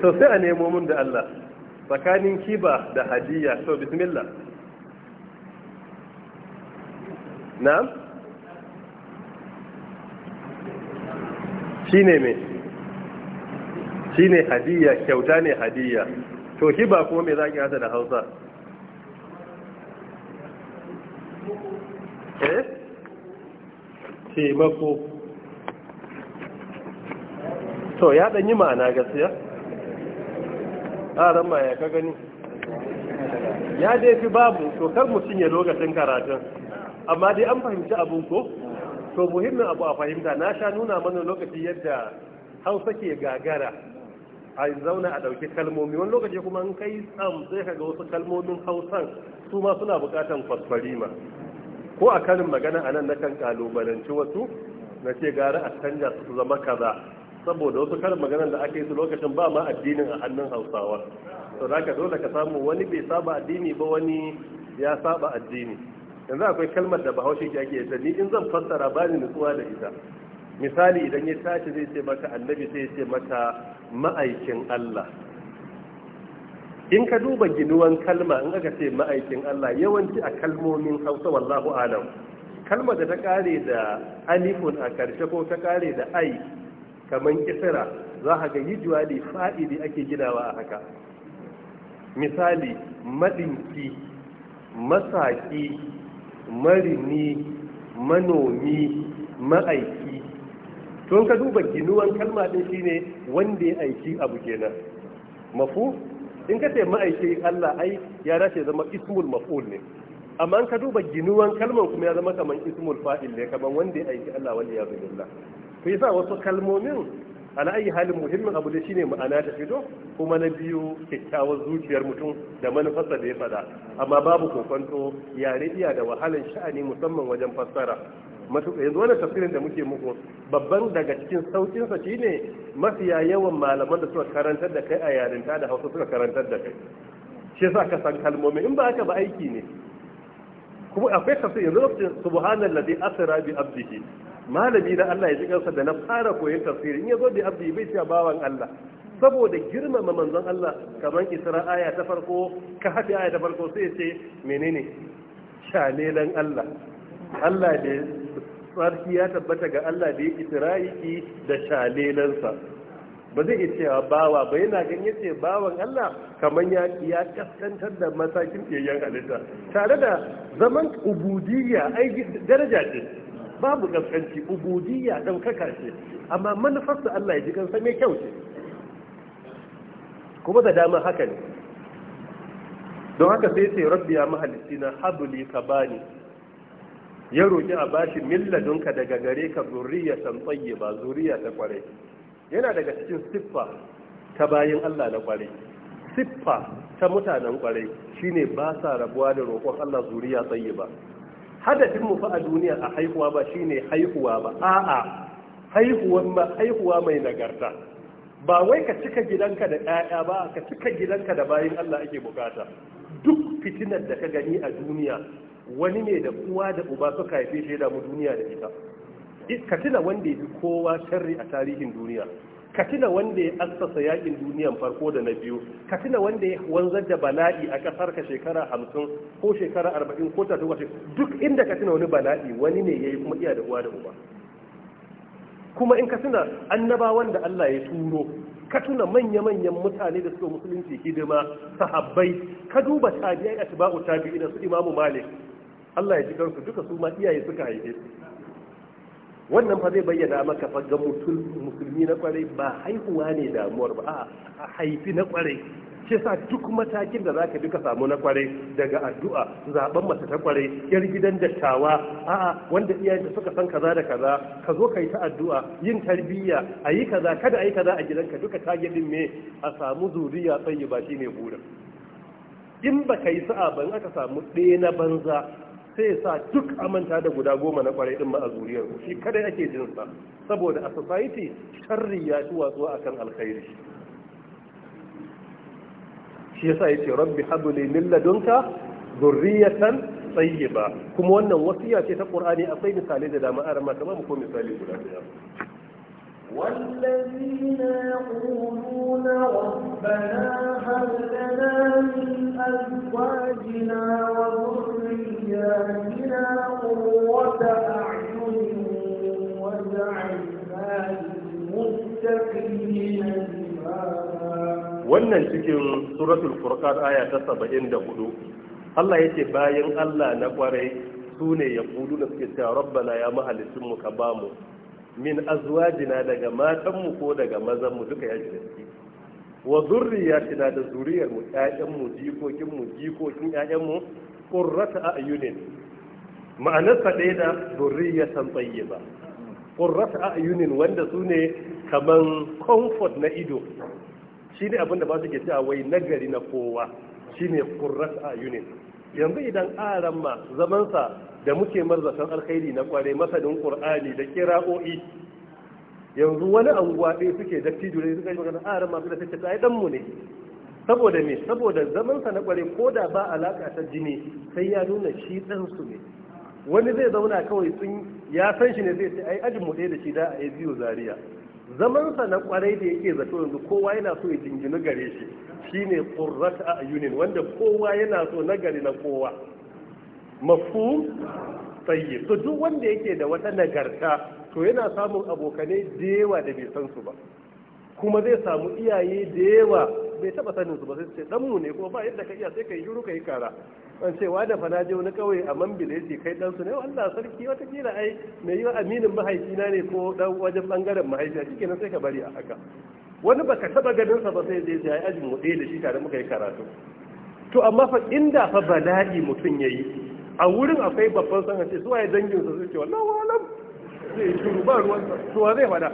to sai a nemo mun da Allah tsakanin kiba da hadiya to bismillah na'am ne me ne hadiya kyauta ne hadiya to hiba kuma me za ki hasa da hausa eh taimako to ya ɗanyi ma'ana gaskiya a ma ya ka gani ya dai fi babu to kar mu cinye lokacin karatun amma dai an fahimci abun ko to muhimmin abu a fahimta na sha nuna mana lokaci yadda hausa ke gagara a zauna a ɗauki kalmomi wani lokaci kuma an kai tsam sai ka ga wasu kalmomin hausan su ma suna buƙatan ma ko a kanin magana a nan na kan kalubalanci wasu na ce gara a canja su zama kaza saboda wasu kanin magana da aka yi su lokacin ba ma addinin a hannun hausawa to da ka dole ka samu wani bai saba addini ba wani ya saba addini yanzu akwai kalmar da bahaushe ke ake yadda ni in zan fassara ba ni nutsuwa da ita misali idan ya tashi zai ce maka annabi sai ya ce maka ma'aikin Allah in ka duba ginuwan kalma in aka ce ma'aikin Allah yawanci a kalmomin hausa wallahu alam kalma da ta kare da alifun a karshe ko ta kare da ai kamar kisira za ka ga yijuwali fa'idi ake ginawa a haka misali maɗinki, masaki marini manomi ma'aiki don ka duba ginuwan kalma din shine wanda ya aiki abu kenan mafu in ka ce ma'aiki Allah ai ya rashe zama ismul maf'ul ne amma in ka duba ginuwan kalman kuma ya zama kaman ismul fa'il ne kaman wanda ya aiki Allah wanda ya zuwa to yasa wasu kalmomin ala ayi halin muhimmin abu da shine ma'ana ta fito kuma na biyu kyakkyawar zuciyar mutum da manufarsa da ya fada amma babu kokonto yare iya da wahalan sha'ani musamman wajen fassara matuƙa yanzu wannan tafsirin da muke muku babban daga cikin saukin sa shine mafiya yawan malaman da suka karantar da kai a yarinta da Hausa suka karantar da kai shi yasa ka san kalmomi in ba haka ba aiki ne kuma akwai tafsir yanzu lokacin subhanallazi asra bi abdihi malami da Allah ya ji kansa da na fara koyon tafsiri in yazo bi abdi bai cewa bawan Allah saboda girmama manzon Allah kamar Isra aya ta farko ka hafi aya ta farko sai ya ce menene shalelan Allah Allah ne tsarki ya tabbata ga Allah da ya isra'iki da shalelansa ba zai cewa bawa ba yana gan yace bawan Allah kamar ya ya kaskantar da matakin tsayayyen halitta tare da zaman ubudiyya ai daraja ce babu kaskanci ubudiyya kaka ce amma manufarsa Allah ya ji kansa mai kyau ce kuma da dama haka ne don haka sai ce rabbi ya mahalicci na habuli ka bani ya roƙi a bashi milladunka daga gare ka zuriya tsaye ba zuriya ta kware yana daga cikin siffa ta bayan Allah na kware siffa ta mutanen kware shine ba sa rabuwa da roƙon Allah zuriya tsaye ba hadafin mu fa a duniya a haihuwa ba shine haihuwa ba a'a haihuwa mai nagarta ba wai ka cika gidanka da ƴaƴa ba ka cika gidanka da bayan Allah ake bukata duk fitinar da ka gani a duniya wani ne da uwa da uba suka haife shi da mu duniya da ita ka tuna wanda ya fi kowa sharri a tarihin duniya ka tuna wanda ya asasa yakin duniyan farko da na biyu ka tuna wanda ya wanzar da bala'i a kasar ka shekara hamsin ko shekara arba'in ko ta tuwa duk inda ka tuna wani bala'i wani ne ya yi kuma iya da uwa da uba kuma in ka tuna annabawan da Allah ya turo ka tuna manya-manyan mutane da suka musulunci hidima sahabbai ka duba tabi'ai atba'u da su imamu malik Allah ya ji karku duka su ma iyaye suka haife su wannan fa zai bayyana maka fa ga musulmi na kwarai ba haihuwa ne damuwar ba a haifi na kwarai shi sa duk matakin da zaka duka samu na kwarai daga addu'a zaben mace ta kwarai yar gidan dattawa a'a wanda da suka san kaza da kaza ka zo kai ta addu'a yin tarbiyya ayi kaza kada ayi kaza a gidanka duka ta gidin me a samu zuriya tsayi ba shine burin in ba kai sa'a ban aka samu ɗaya na banza sai ya sa duk amanta da guda goma na kwarai din ma a zuriyar shi kada ake jin sa saboda a society sharri ya ci watsuwa akan alkhairi shi yasa yace rabbi habli min ladunka dhurriyatan ba. kuma wannan wasiya ce ta qur'ani akwai misali da dama'ar a ba mu ko misali guda daya والذين يقولون ربنا هب لنا من أزواجنا وذرياتنا قرة أعين واجعلنا للمتقين wannan cikin suratul furqan aya ta hudu. Allah ce, bayan Allah na kwarai su ne ya kudu da suke cewa rabbana ya mahalicin mu ka bamu min azwajina daga matanmu ko daga mazanmu duka ya da suke. wa zurriyatina da zuriyar mu ƴaƴan mu jikokin mu jikokin ƴaƴan mu qurrata a'yunin ma'anar sa ɗaya da san tayyiba qurrata a'yunin wanda sune kaman comfort na ido shine abin da ba su ke cewa wai nagari na kowa shine qurrata a'yunin yanzu idan aran ma zaman sa da muke marzatan alkhairi na kware masadin qur'ani da kira'o'i yanzu wani anguwa ɗaya suke da tidure suka yi magana a ah, ran masu da take ai dan mu ne saboda me saboda zaman sa na kware ko da ba alaka ta jini sai ya nuna shi dan su ne wani zai zauna kawai sun ya san shi ne zai ce ai ajin mu ɗaya da shi da a biyu Zariya. zaman sa na kwarai da yake zato yanzu kowa yana so ya jingina gare shi shine qurrat a'yunin wanda kowa yana so na gari na kowa mafhum tayyib to duk wanda yake da wata nagarta to yana samun abokanai da yawa da bai san su ba kuma zai samu iyaye da yawa bai taba sanin su ba sai ce dan mu ne kuma ba yadda ka iya sai kai shiru kai kara an cewa da fa na je wani kauye a Mambila ce kai dan su ne Allah sarki wata kila ai mai yi aminin mahaifina ne ko dan wajen bangaren mahaifiya shike sai ka bari a haka wani baka taba ganin sa ba sai je ya ajin mu da shi tare muka yi karatu to amma fa inda fa bala'i mutun yayi a wurin akwai babban ce zuwa ya dangin su suke wa alam zai yi shuru ba ruwansa suwa zai fada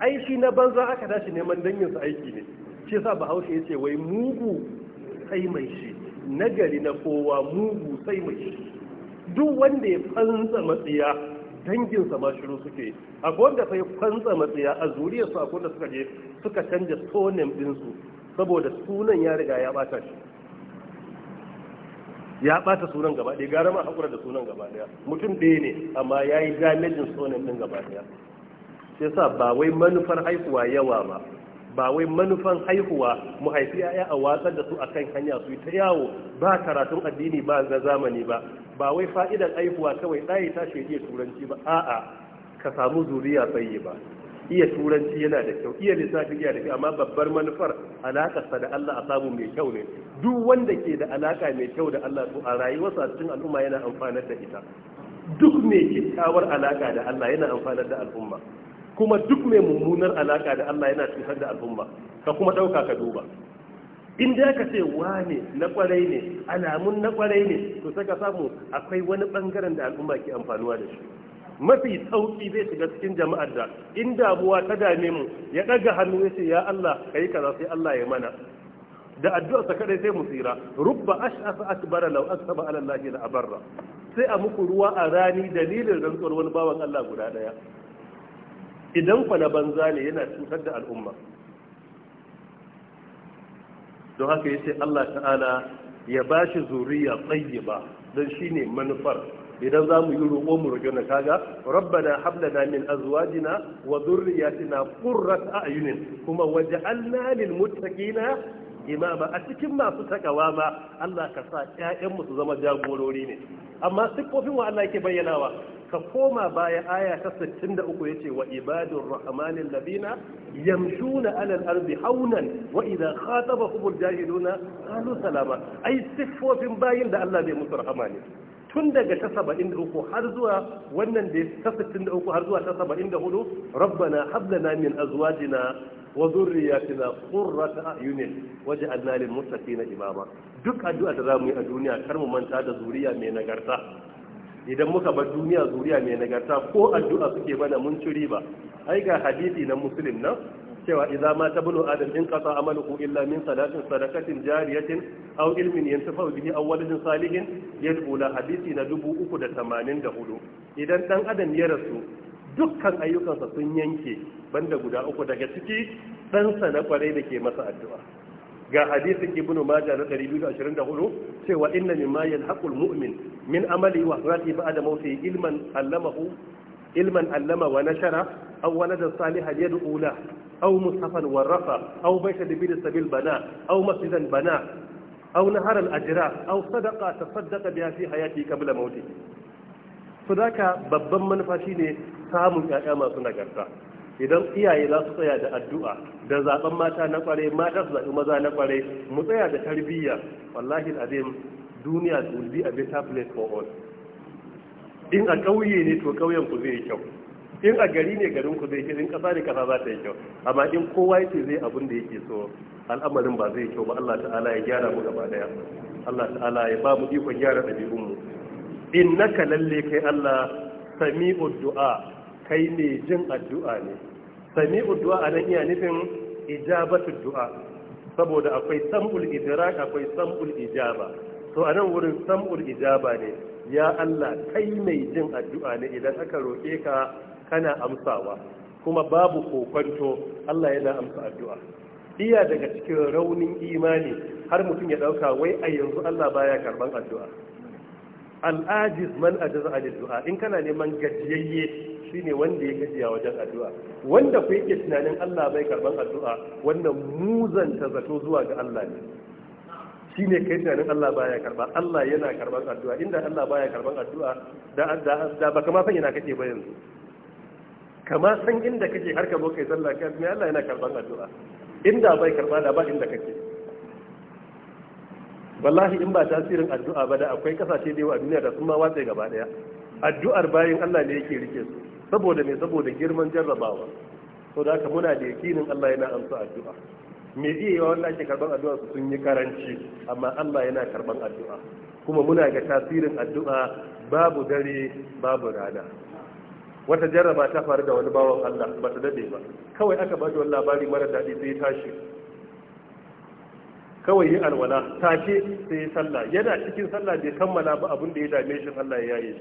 aiki na banza aka dashi neman danginsa aiki ne ce sa bahaushe ya ce wai mugu sai mai shi nagari na kowa mugu sai mai shi duk wanda ya fansa matsiya danginsa ma shiru suke a wanda sai fansa matsiya a zuriyarsu a wanda suka je suka canja tonin ɗinsu saboda sunan ya riga ya bata shi ya bata sunan gaba ɗaya gara ma hakura da sunan gaba ɗaya mutum ɗaya ne amma ya yi damejin sunan ɗin gaba ɗaya sai sa ba wai manufar haihuwa yawa ba ba wai manufan haihuwa mu haifi ya'ya a watsar da su a kan hanya su yi ta yawo ba karatun addini ba na zamani ba ba wai fa'idan haihuwa kawai ɗaya ta shaidiyar turanci ba a'a ka samu zuriya tsaye ba iya turanci yana da kyau iya lissafi yana da kyau amma babbar manufar alakarsa da Allah a samu mai kyau ne duk wanda ke da alaka mai kyau da Allah to a rayuwarsa a cikin al'umma yana amfanar da ita duk mai kyakkyawar alaka da Allah yana amfanar da al'umma kuma duk mai mummunar alaka da Allah yana cutar da al'umma ka kuma ɗauka ka duba in da aka ce wane na kwarai ne alamun na kwarai ne to saka samu akwai wani bangaren da al'umma ke amfanuwa da shi mafi sauki zai shiga cikin jama'ar da in damuwa ta dame mu ya daga hannu ya ce ya Allah kai kaza sai Allah ya mana da addu'arsa kadai sai mu tsira rubba ash'asa akbara law asaba ala Allah la abarra sai a muku ruwa a rani dalilin rantsuwar wani bawan Allah guda daya idan fa na banza ne yana cutar da al'umma don haka yace Allah ta'ala ya bashi zuriya tayyiba dan shine manufar idan za mu yi roƙo mu roƙi na kaga rabbana hablana min azwajina wa dhurriyyatina qurrat a'yunin kuma waj'alna lil muttaqina imama a cikin masu takawa ma Allah ka sa ƴaƴan mu su zama jagorori ne amma siffofin wa Allah yake bayyanawa ka koma baya aya ta 63 yace wa ibadur rahmanil ladina yamshuna alal ardi haunan wa idza khatabahumul jahiluna qalu salama ai siffofin bayin da Allah bai musu rahama ne tun daga ta saba'in da uku har zuwa wannan da ta sittin da uku har zuwa ta saba'in da hudu rabbana hablana min azwajina wa zurriyatina qurrata a'yunin waj'alna lil muttaqina imama duk addu'a da zamu yi a duniya kar mu manta da zuriya mai nagarta idan muka bar duniya zuriya mai nagarta ko addu'a suke bana mun ciri ba. ai ga hadisi na muslim nan cewa idza ma tabnu adam in amalu amaluhu illa min salatin sadaqatin jariyatin aw ilmin yantafa bihi aw waladin salihin yad'u la hadisi na 384 idan dan adam ya rasu dukkan ayyukansa sun yanke banda guda uku daga ciki ɗansa na kwarai da ke masa addu'a ga hadisin ibnu majah na 224 cewa inna mimma yalhaqul mu'min min amali wa rati ba'da mawti ilman allamahu ilman allama wa nashara aw waladan salihan yad'u la aw mushafan warrafa aw baytan bi sabil bana aw masjidan bana aw naharan ajra aw sadaqa tasaddaqa biha fi hayati qabla mawtihi sadaka babban manufa shine samun 'ya'ya masu nagarta idan iyaye za su tsaya da addu'a da zaben mata na kware mata su zaɓi maza na kware mu tsaya da tarbiyya wallahi azim duniya will be a better place for all in a ƙauye ne to ƙauyen ku zai kyau in a gari ne garin ku zai kyau in ƙasa ne ƙasa za ta yi kyau amma in kowa yake zai abin da yake so al'amarin ba zai kyau ba Allah ta'ala ya gyara mu gaba daya Allah ta'ala ya ba mu ikon gyara ɗabi'un mu innaka lalle kai Allah sami'ud du'a kai ne jin addu'a ne sami'ud du'a nan iya nufin ijabatu du'a saboda akwai sam'ul idrak akwai sam'ul ijaba to anan wurin sam'ul ijaba ne ya Allah kai mai jin addu'a ne idan aka roƙe ka kana amsawa kuma babu kokonto Allah yana amsa addu'a iya daga cikin raunin imani har mutum ya ɗauka wai a yanzu Allah baya karban addu'a al'ajiz man a jaza a du'a in kana neman gajiyayye shi ne wanda ya gajiya wajen addu'a wanda ku yake tunanin Allah bai karɓan addu'a wannan muzanta zato zuwa ga Allah ne Shi ne kai tunanin Allah baya karba Allah yana karban addu'a inda Allah baya karban addu'a da da da baka ma san yana kake ba yanzu kama san inda kake har ka zo kai sallah ka mai Allah yana karban addu'a inda bai karba da ba inda kake wallahi in ba tasirin addu'a ba da akwai kasashe da yawa a duniya da sun ma watsa gaba daya addu'ar bayin Allah ne yake rike su saboda me saboda girman jarrabawa to haka muna da yakinin Allah yana amsa addu'a me iya yi wanda ake karban addu'a su sun yi karanci amma Allah yana karban addu'a kuma muna ga tasirin addu'a babu dare babu rana wata jarraba ta faru da wani bawan Allah ba ta dade ba kawai aka ba wani labari mara daɗi sai tashi kawai yi alwala ke sai yi sallah yana cikin sallah bai kammala ba abin da ya dame shi Allah ya yi.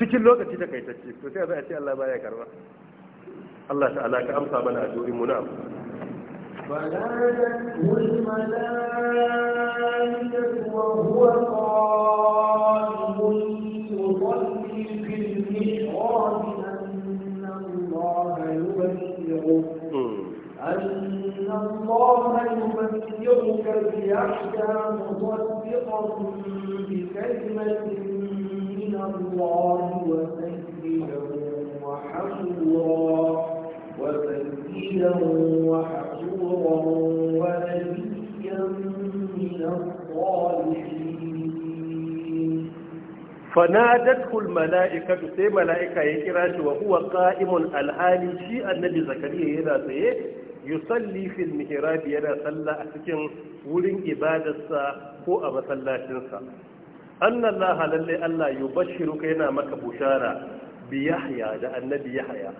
shi cikin lokaci da kaitacce to sai a ce Allah baya karba Allah ta'ala ka amsa mana a mu amsa فنادته الملائكة وهو قائم يصلي في المحراب أن الله يبشرك أن الله يبشرك بيحيى مصدقا بكلمة من الله وسيدا وحصورا وسيدا وحصورا شكورا ونبيا sai mala'ika ya الملائكة سي ملائكة يكراش وهو قائم Annabi شيء yana tsaye هنا سيه yusalli fil mihrab yana sallah a cikin wurin ibadarsa ko a masallacinsa annallaha lalle Allah yubashshiruka yana maka bushara bi Yahya da annabi Yahya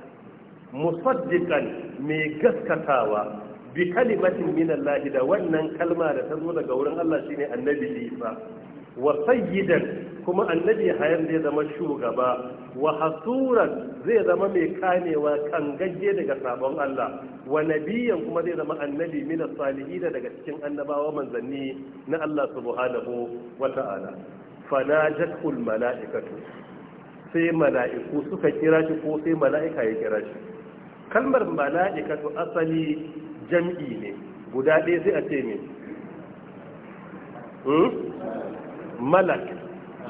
musaddiqan mai gaskatawa bi kalimatin min Allah da wannan kalma da ta zo daga wurin Allah shine annabi Isa wa sayyidan kuma annabi hayar zai zama shugaba wa hasuran zai zama mai kanewa kan gagge daga sabon Allah wa nabiyan kuma zai zama annabi min salihina daga cikin annabawa manzanni na Allah subhanahu wa ta'ala fanajatul mala'ikatu sai mala'iku suka kira shi ko sai mala'ika ya kira shi kalmar mala'ikatu asali jam'i ne guda ɗaya sai a ce ne hmm? malak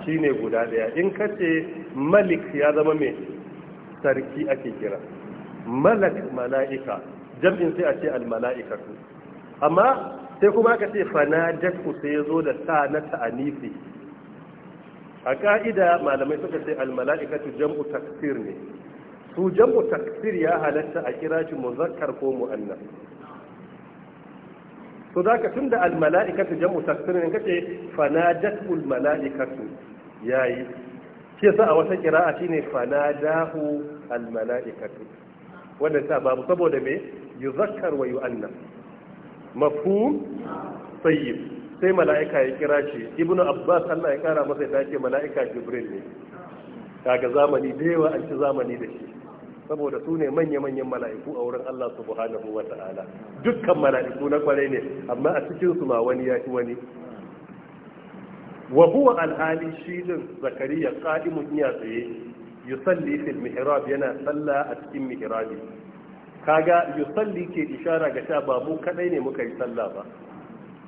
shi ne guda ɗaya in ka ce malik ya zama mai sarki ake kira malak mala'ika jam'in sai a ce su amma sai kuma aka ce jakku sai ya zo da sa na ta'anisi a ka'ida malamai suka ce su jam'u taksir ne su jam'u taksir ya halatta a kira shi muzakkar ko mu'annas to za ka tun da almala'ikatu jam'u taksirin kake kace fanadatul mala'ikatu yayi shi yasa a wata kira'a shine fanadahu almala'ikatu wannan ta babu saboda me yuzakkar wa yu'anna mafhum tayyib sai mala'ika ya kira shi ibnu abbas Allah ya kara masa da yake mala'ika jibril ne kaga zamani da yawa an ci zamani da shi saboda su ne manya-manyan mala'iku a wurin Allah subhanahu wa ta'ala dukkan mala'iku na kwarai ne amma a cikin su ma wani ya fi wani wa huwa alhali shi din zakariya qa'imun iya tsaye yusalli fil mihrab yana salla a cikin mihrabi kaga yusalli ke ishara ga sha babu kadai ne muka yi sallah ba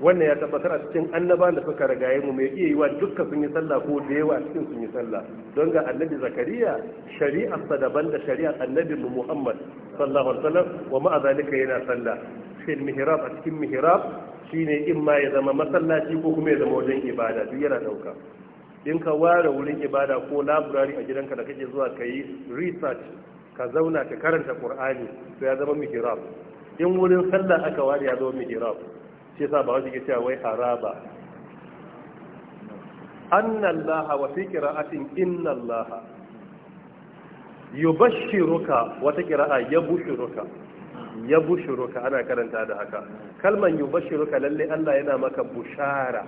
wannan ya tabbatar a cikin annaba da suka ragaye mu mai iya yiwa dukka sun yi sallah ko da yawa cikin sun yi sallah don ga annabi zakariya shari'a sa daban da shari'ar annabi mu muhammad sallallahu alaihi wasallam wa ma'azalika yana sallah fil mihrab a cikin mihrab shine in ma ya zama masallaci ko kuma ya zama wajen ibada duk yana dauka in ka ware wurin ibada ko laburari a gidanka da kake zuwa ka yi research ka zauna ka karanta qur'ani to ya zama mihrab in wurin sallah aka ware ya zama mihrab shi sa ba wasu ke cewa wai haraba anna Allah wa fi qira'atin inna Allah yubashshiruka wata qira'a yabushiruka yabushiruka ana karanta da haka kalmar yubashshiruka lalle Allah yana maka bushara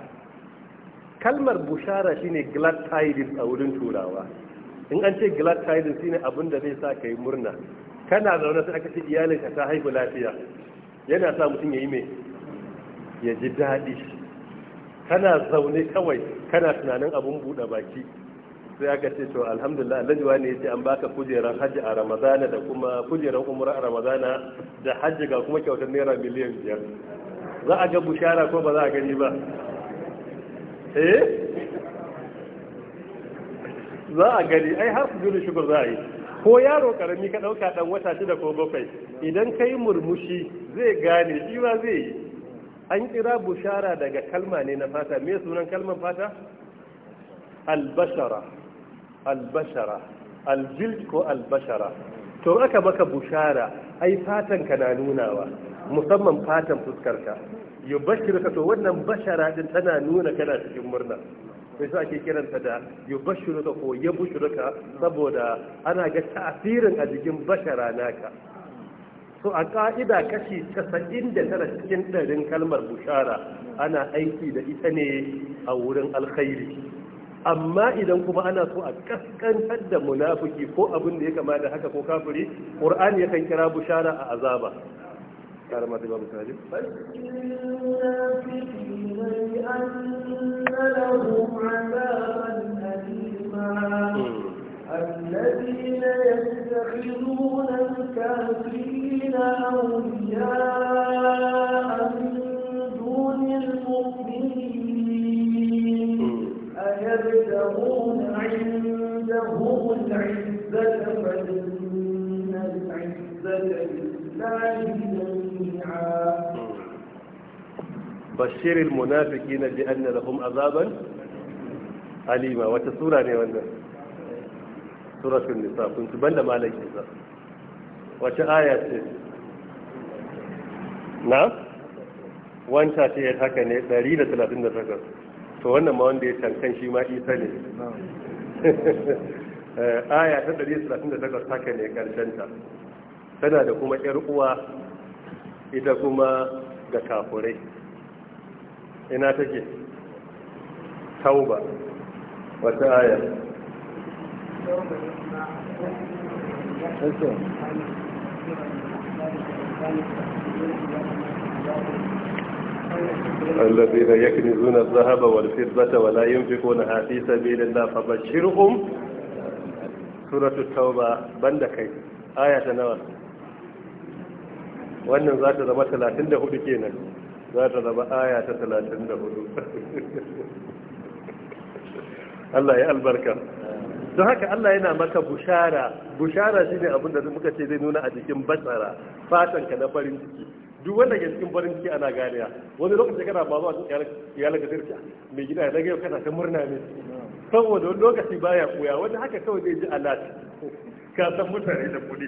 kalmar bushara shine glad tidings a wurin turawa in an ce glad tidings shine abin da zai sa ka yi murna kana zaune sai aka ce iyalinka ta haihu lafiya yana sa mutum yayi mai ya ji daɗi kana zaune kawai kana tunanin abun buɗe baki sai aka ce to alhamdulillah alhaji wani yace an baka kujeran hajji a ramadana da kuma kujeran umra a ramadana da hajji ga kuma kyautar naira miliyan biyar za a ga bushara ko ba za a gani ba eh za a gani ai har su juri shukur za a yi ko yaro karami ka ɗauka ɗan wata shida ko bakwai idan kai murmushi zai gane shi ba zai yi an kira bushara daga kalma ne na fata me sunan kalman fata albashara albashara aljild ko albashara to aka maka bushara ai fatan ka na nunawa musamman fatan fuskarka yubashshiruka to wannan bashara din tana nuna kana cikin murna sai sa ake kiranta da yubashshiruka ko yabushiruka saboda ana ga ta'asirin a jikin bashara naka so a ƙa'ida kashi 99 cikin ɗarin kalmar bushara ana aiki da ita ne a wurin alkhairi amma idan kuma ana so a kaskantar da munafuki ko abin da ya kama da haka ko kafiri ƙur'an ya kan kira bushara a azaba karama da ba tare hmm. الذين يتخذون الكافرين أولياء من دون المؤمنين أيبتغون عندهم العزة فإن العزة لله جميعا بشر المنافقين بأن لهم عذابا أليما وتسورة لي suratul nisa kun ci banda malaki ba wace aya ce na wanta ce ya haka ne 138 to wannan ma wanda ya cankan shi ma isa ne eh, aya ta 138 haka ne karshenta tana da kuma yar uwa ita kuma ga kafurai ina take tauba wata aya الذين يكنزون الذهب والفضة ولا ينفقونها في سبيل الله فبشرهم سورة التوبة بندكي آية نوى وأن ذات ta zama 34 بكينا ذات ta آية aya ta 34 Allah ya don haka Allah yana maka bushara bushara shine abin da muka ce zai nuna a jikin batsara fatan ka na farin ciki duk wanda ke cikin farin ciki ana gariya, wani lokaci kana ba zuwa cikin iyalan ka sirka mai gida ya daga kana ta murna ne saboda wani lokaci baya koya wani haka kawai zai ji alat ka san mutane da kuɗi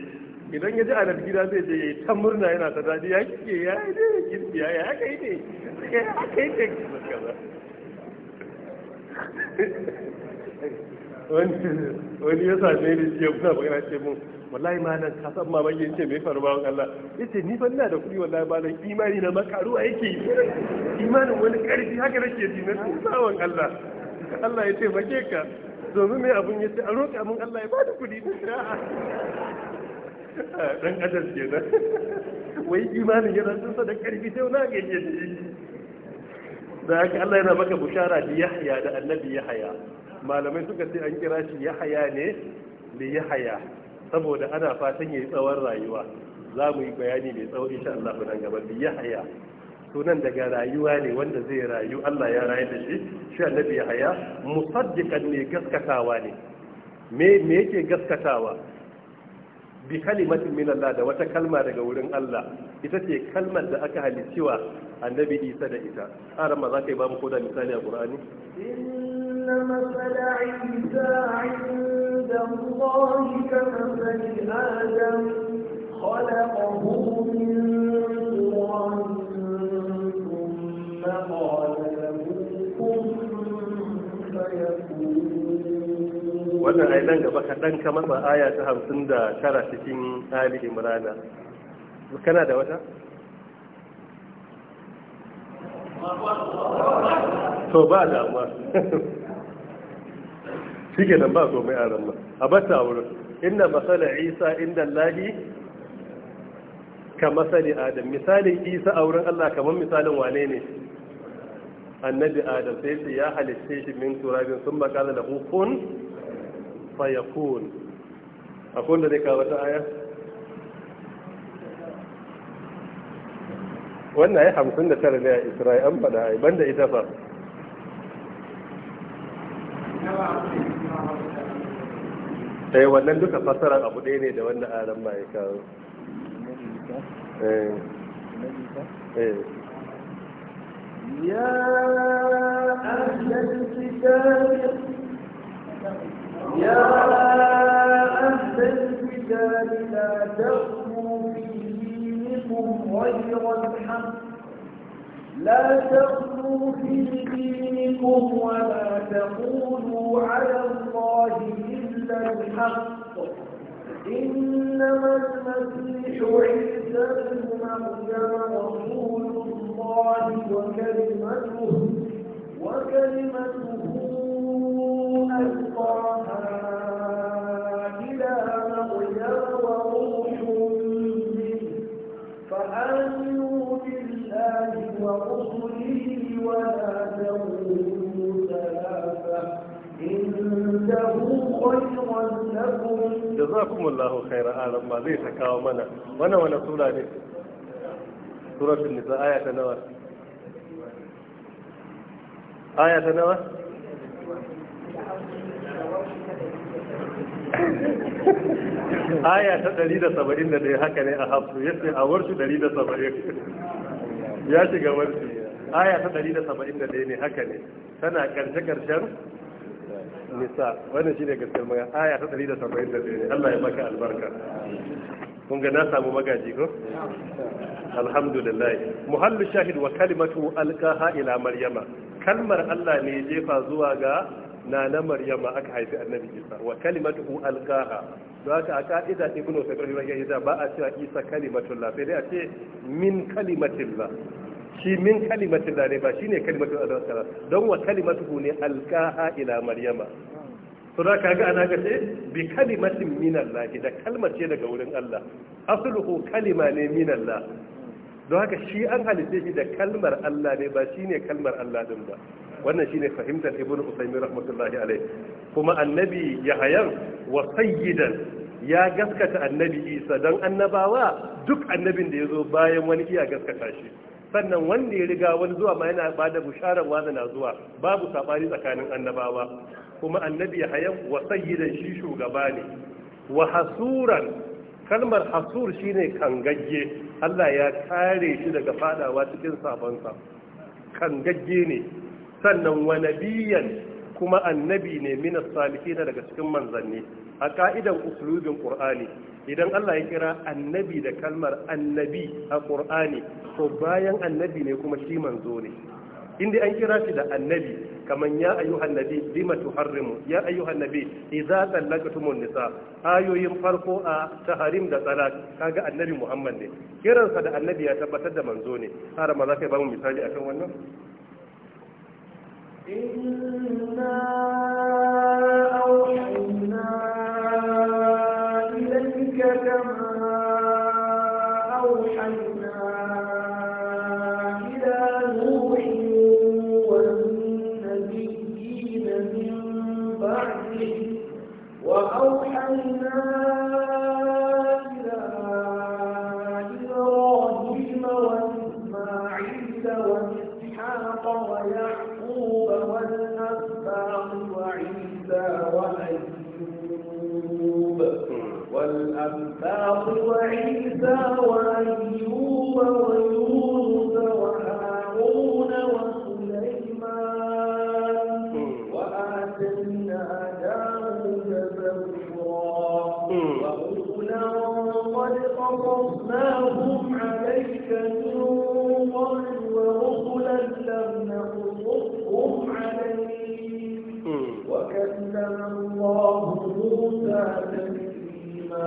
idan ya ji alat gida zai je yayi ta murna yana ta dadi ya ke ya ne girbiya ya kai ne ya kai ne wani ya same ni jiya kuna magana ce mun wallahi ma nan kasan ma bayyana ce mai faru bawan Allah ce ni fanna na da kuɗi wallahi nan imani na makaruwa yake imanin wani ƙarfi haka nake ji na tsawon Allah Allah ya taimake ka domin mai abun ce a roƙa mun Allah ya ba da kuɗi dan ke nan wai imanin yana tsunsa da ƙarfi sai wani ga yake da haka Allah yana maka bushara da Yahya da Annabi Yahya malamai suka ce an kira shi yahaya ne ya haya? saboda ana fatan ya yi tsawon rayuwa za mu yi bayani mai tsawo insha Allah nan gaba ya haya? sunan daga rayuwa ne wanda zai rayu Allah ya rayu da shi shi annabi yahaya musaddiqan ne gaskatawa ne me me yake gaskatawa bi kalimatin min Allah da wata kalma daga wurin Allah ita ce kalmar da aka halicciwa annabi Isa da ita a ma za ka yi ba mu koda misali a Qur'ani إن مثل عيسى عند الله كمثل آدم خلقه من ثم قال له كن wannan ai nan gaba kaɗan ka ba aya ta hamsin da tara cikin ali imrana kana da wata? to ba amma. shi nan ba so mai aran ma a bata a wurin inna masala isa inda lahi ka masali adam misalin isa a wurin allah kamar misalin wane ne annabi adam sai ce ya halitta shi min turabin sun makala da hukun fayakun akwai da zai kawo ta aya wannan ya hamsin da tara ne a isra'i an faɗa ban da ita fa sai eh, wannan duka fasarar abu ɗaya ne da wanda aran ba ya kawo eh. Eh. ya ahlal kitab ya ahlal kitab la taghlu عيسى إنما المسيح عيسى بن مريم رسول الله وكلمته وكلمته ألقاها إلى مريم وروح منه فآمنوا بالله ورسله ولا تموتوا da za kuma Allahu khaira alam ma zai ta kawo mana mana wani sura ne suratul nisa aya ta nawa aya ta nawa aya ta 171 haka ne a Ya ce a warshi 170 ya shiga warshi aya ta 171 ne haka ne tana karshe karshen nisa wannan shine gaskiyar magana aya ta da 171 Allah ya maka albarka kun ga na samu magaji ko alhamdulillah muhallu shahid wa kalimatu alqaha ila maryama kalmar Allah ne jefa zuwa ga nana maryama aka haifi annabi isa wa kalimatu alqaha don haka a ka'ida ibnu sabirin rahimahu ba a cewa isa kalimatullah sai dai a ce min kalimatillah shi min kalimatin da ne ba shi ne kalimatin azab sara don wa kalimatuhu ne alkaha ila maryama to da kaga ana ga ce bi kalimatin min Allah da kalmar ce daga wurin Allah asluhu kalima ne min Allah don haka shi an halice shi da kalmar Allah ne ba shi ne kalmar Allah din ba wannan shine fahimtar ibnu usaymin rahmatullahi alayh kuma annabi yahyan wa sayyidan ya gaskata annabi isa don annabawa duk annabin da ya zo bayan wani iya gaskata shi sannan wanda ya riga wani zuwa ma yana ba da bisharar wani na zuwa babu saɓani tsakanin annabawa kuma annabi ya hayan wa sayyidan shi shugaba ne wa hasuran kalmar hasur shine kangagge Allah ya kare shi daga fadawa cikin sabonsa kangagge ne sannan wa nabiyan kuma annabi ne min salihin daga cikin manzanni a ka'idan uslubin qur'ani idan Allah ya kira annabi da kalmar annabi a Qur'ani to bayan annabi ne kuma shi manzo ne inda an kira shi da annabi kamar ya ayyuhan nabi lima tuharrimu ya ayyuhan nabi idza tallaqtumun nisa ayoyin farko a taharim da talak kaga annabi Muhammad ne kiransa da annabi ya tabbatar da manzo ne har ma za ka ba mu misali akan wannan إنا أوحينا قصصناهم عليك نورا ورسلا لم نقصصهم عليك وكلم الله موسى تكليما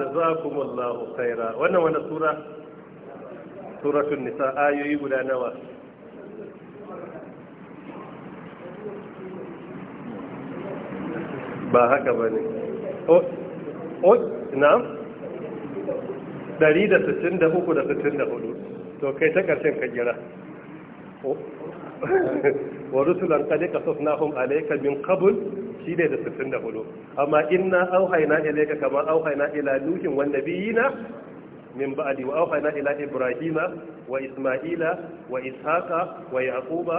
جزاكم الله خيرا وانا وانا سورة سورة النساء آية يقول نوى ba haka ba ne. O, o, na? ɗari da sittin da uku da sittin da hudu to kai ta karshen ka gira wa rusulan qad qasasnahum alayka min qabl ne da 64 amma inna auhayna ilayka kama auhayna ila nuhin wan nabiyina min ba'di wa auhayna ila ibrahima wa isma'ila wa ishaqa wa yaquba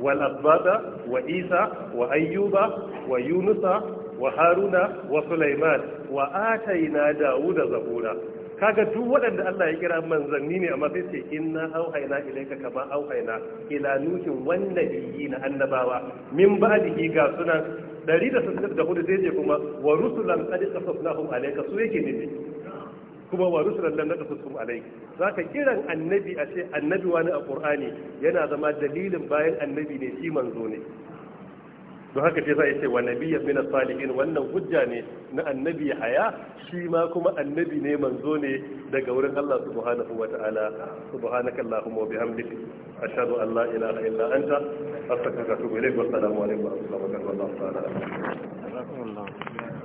wal asbata wa isa wa ayyuba wa yunusa wa haruna wa sulaiman wa ataina dawuda zabura kaga duk waɗanda Allah ya kira manzanni ne amma sai ce inna auhayna ilayka kama auhayna ila nuhin wan nabiyina annabawa min ba'dihi ga sunan 164 sai ce kuma wa rusulan qad qasasnahum alayka su yake nufi kuma wa rusulan lam naqsusum alayk zaka kiran annabi a ce annabi wani a qur'ani yana zama dalilin bayan annabi ne shi manzo ne don haka sai sai ce wa nabiyyan min salihin wannan hujja ne na annabi haya shi ma kuma annabi ne manzo ne daga wurin Allah subhanahu wa ta'ala subhanaka allahumma wa bihamdika ashhadu an la ilaha illa anta astaghfiruka wa atubu ilayk wa assalamu alaikum wa rahmatullahi wa barakatuh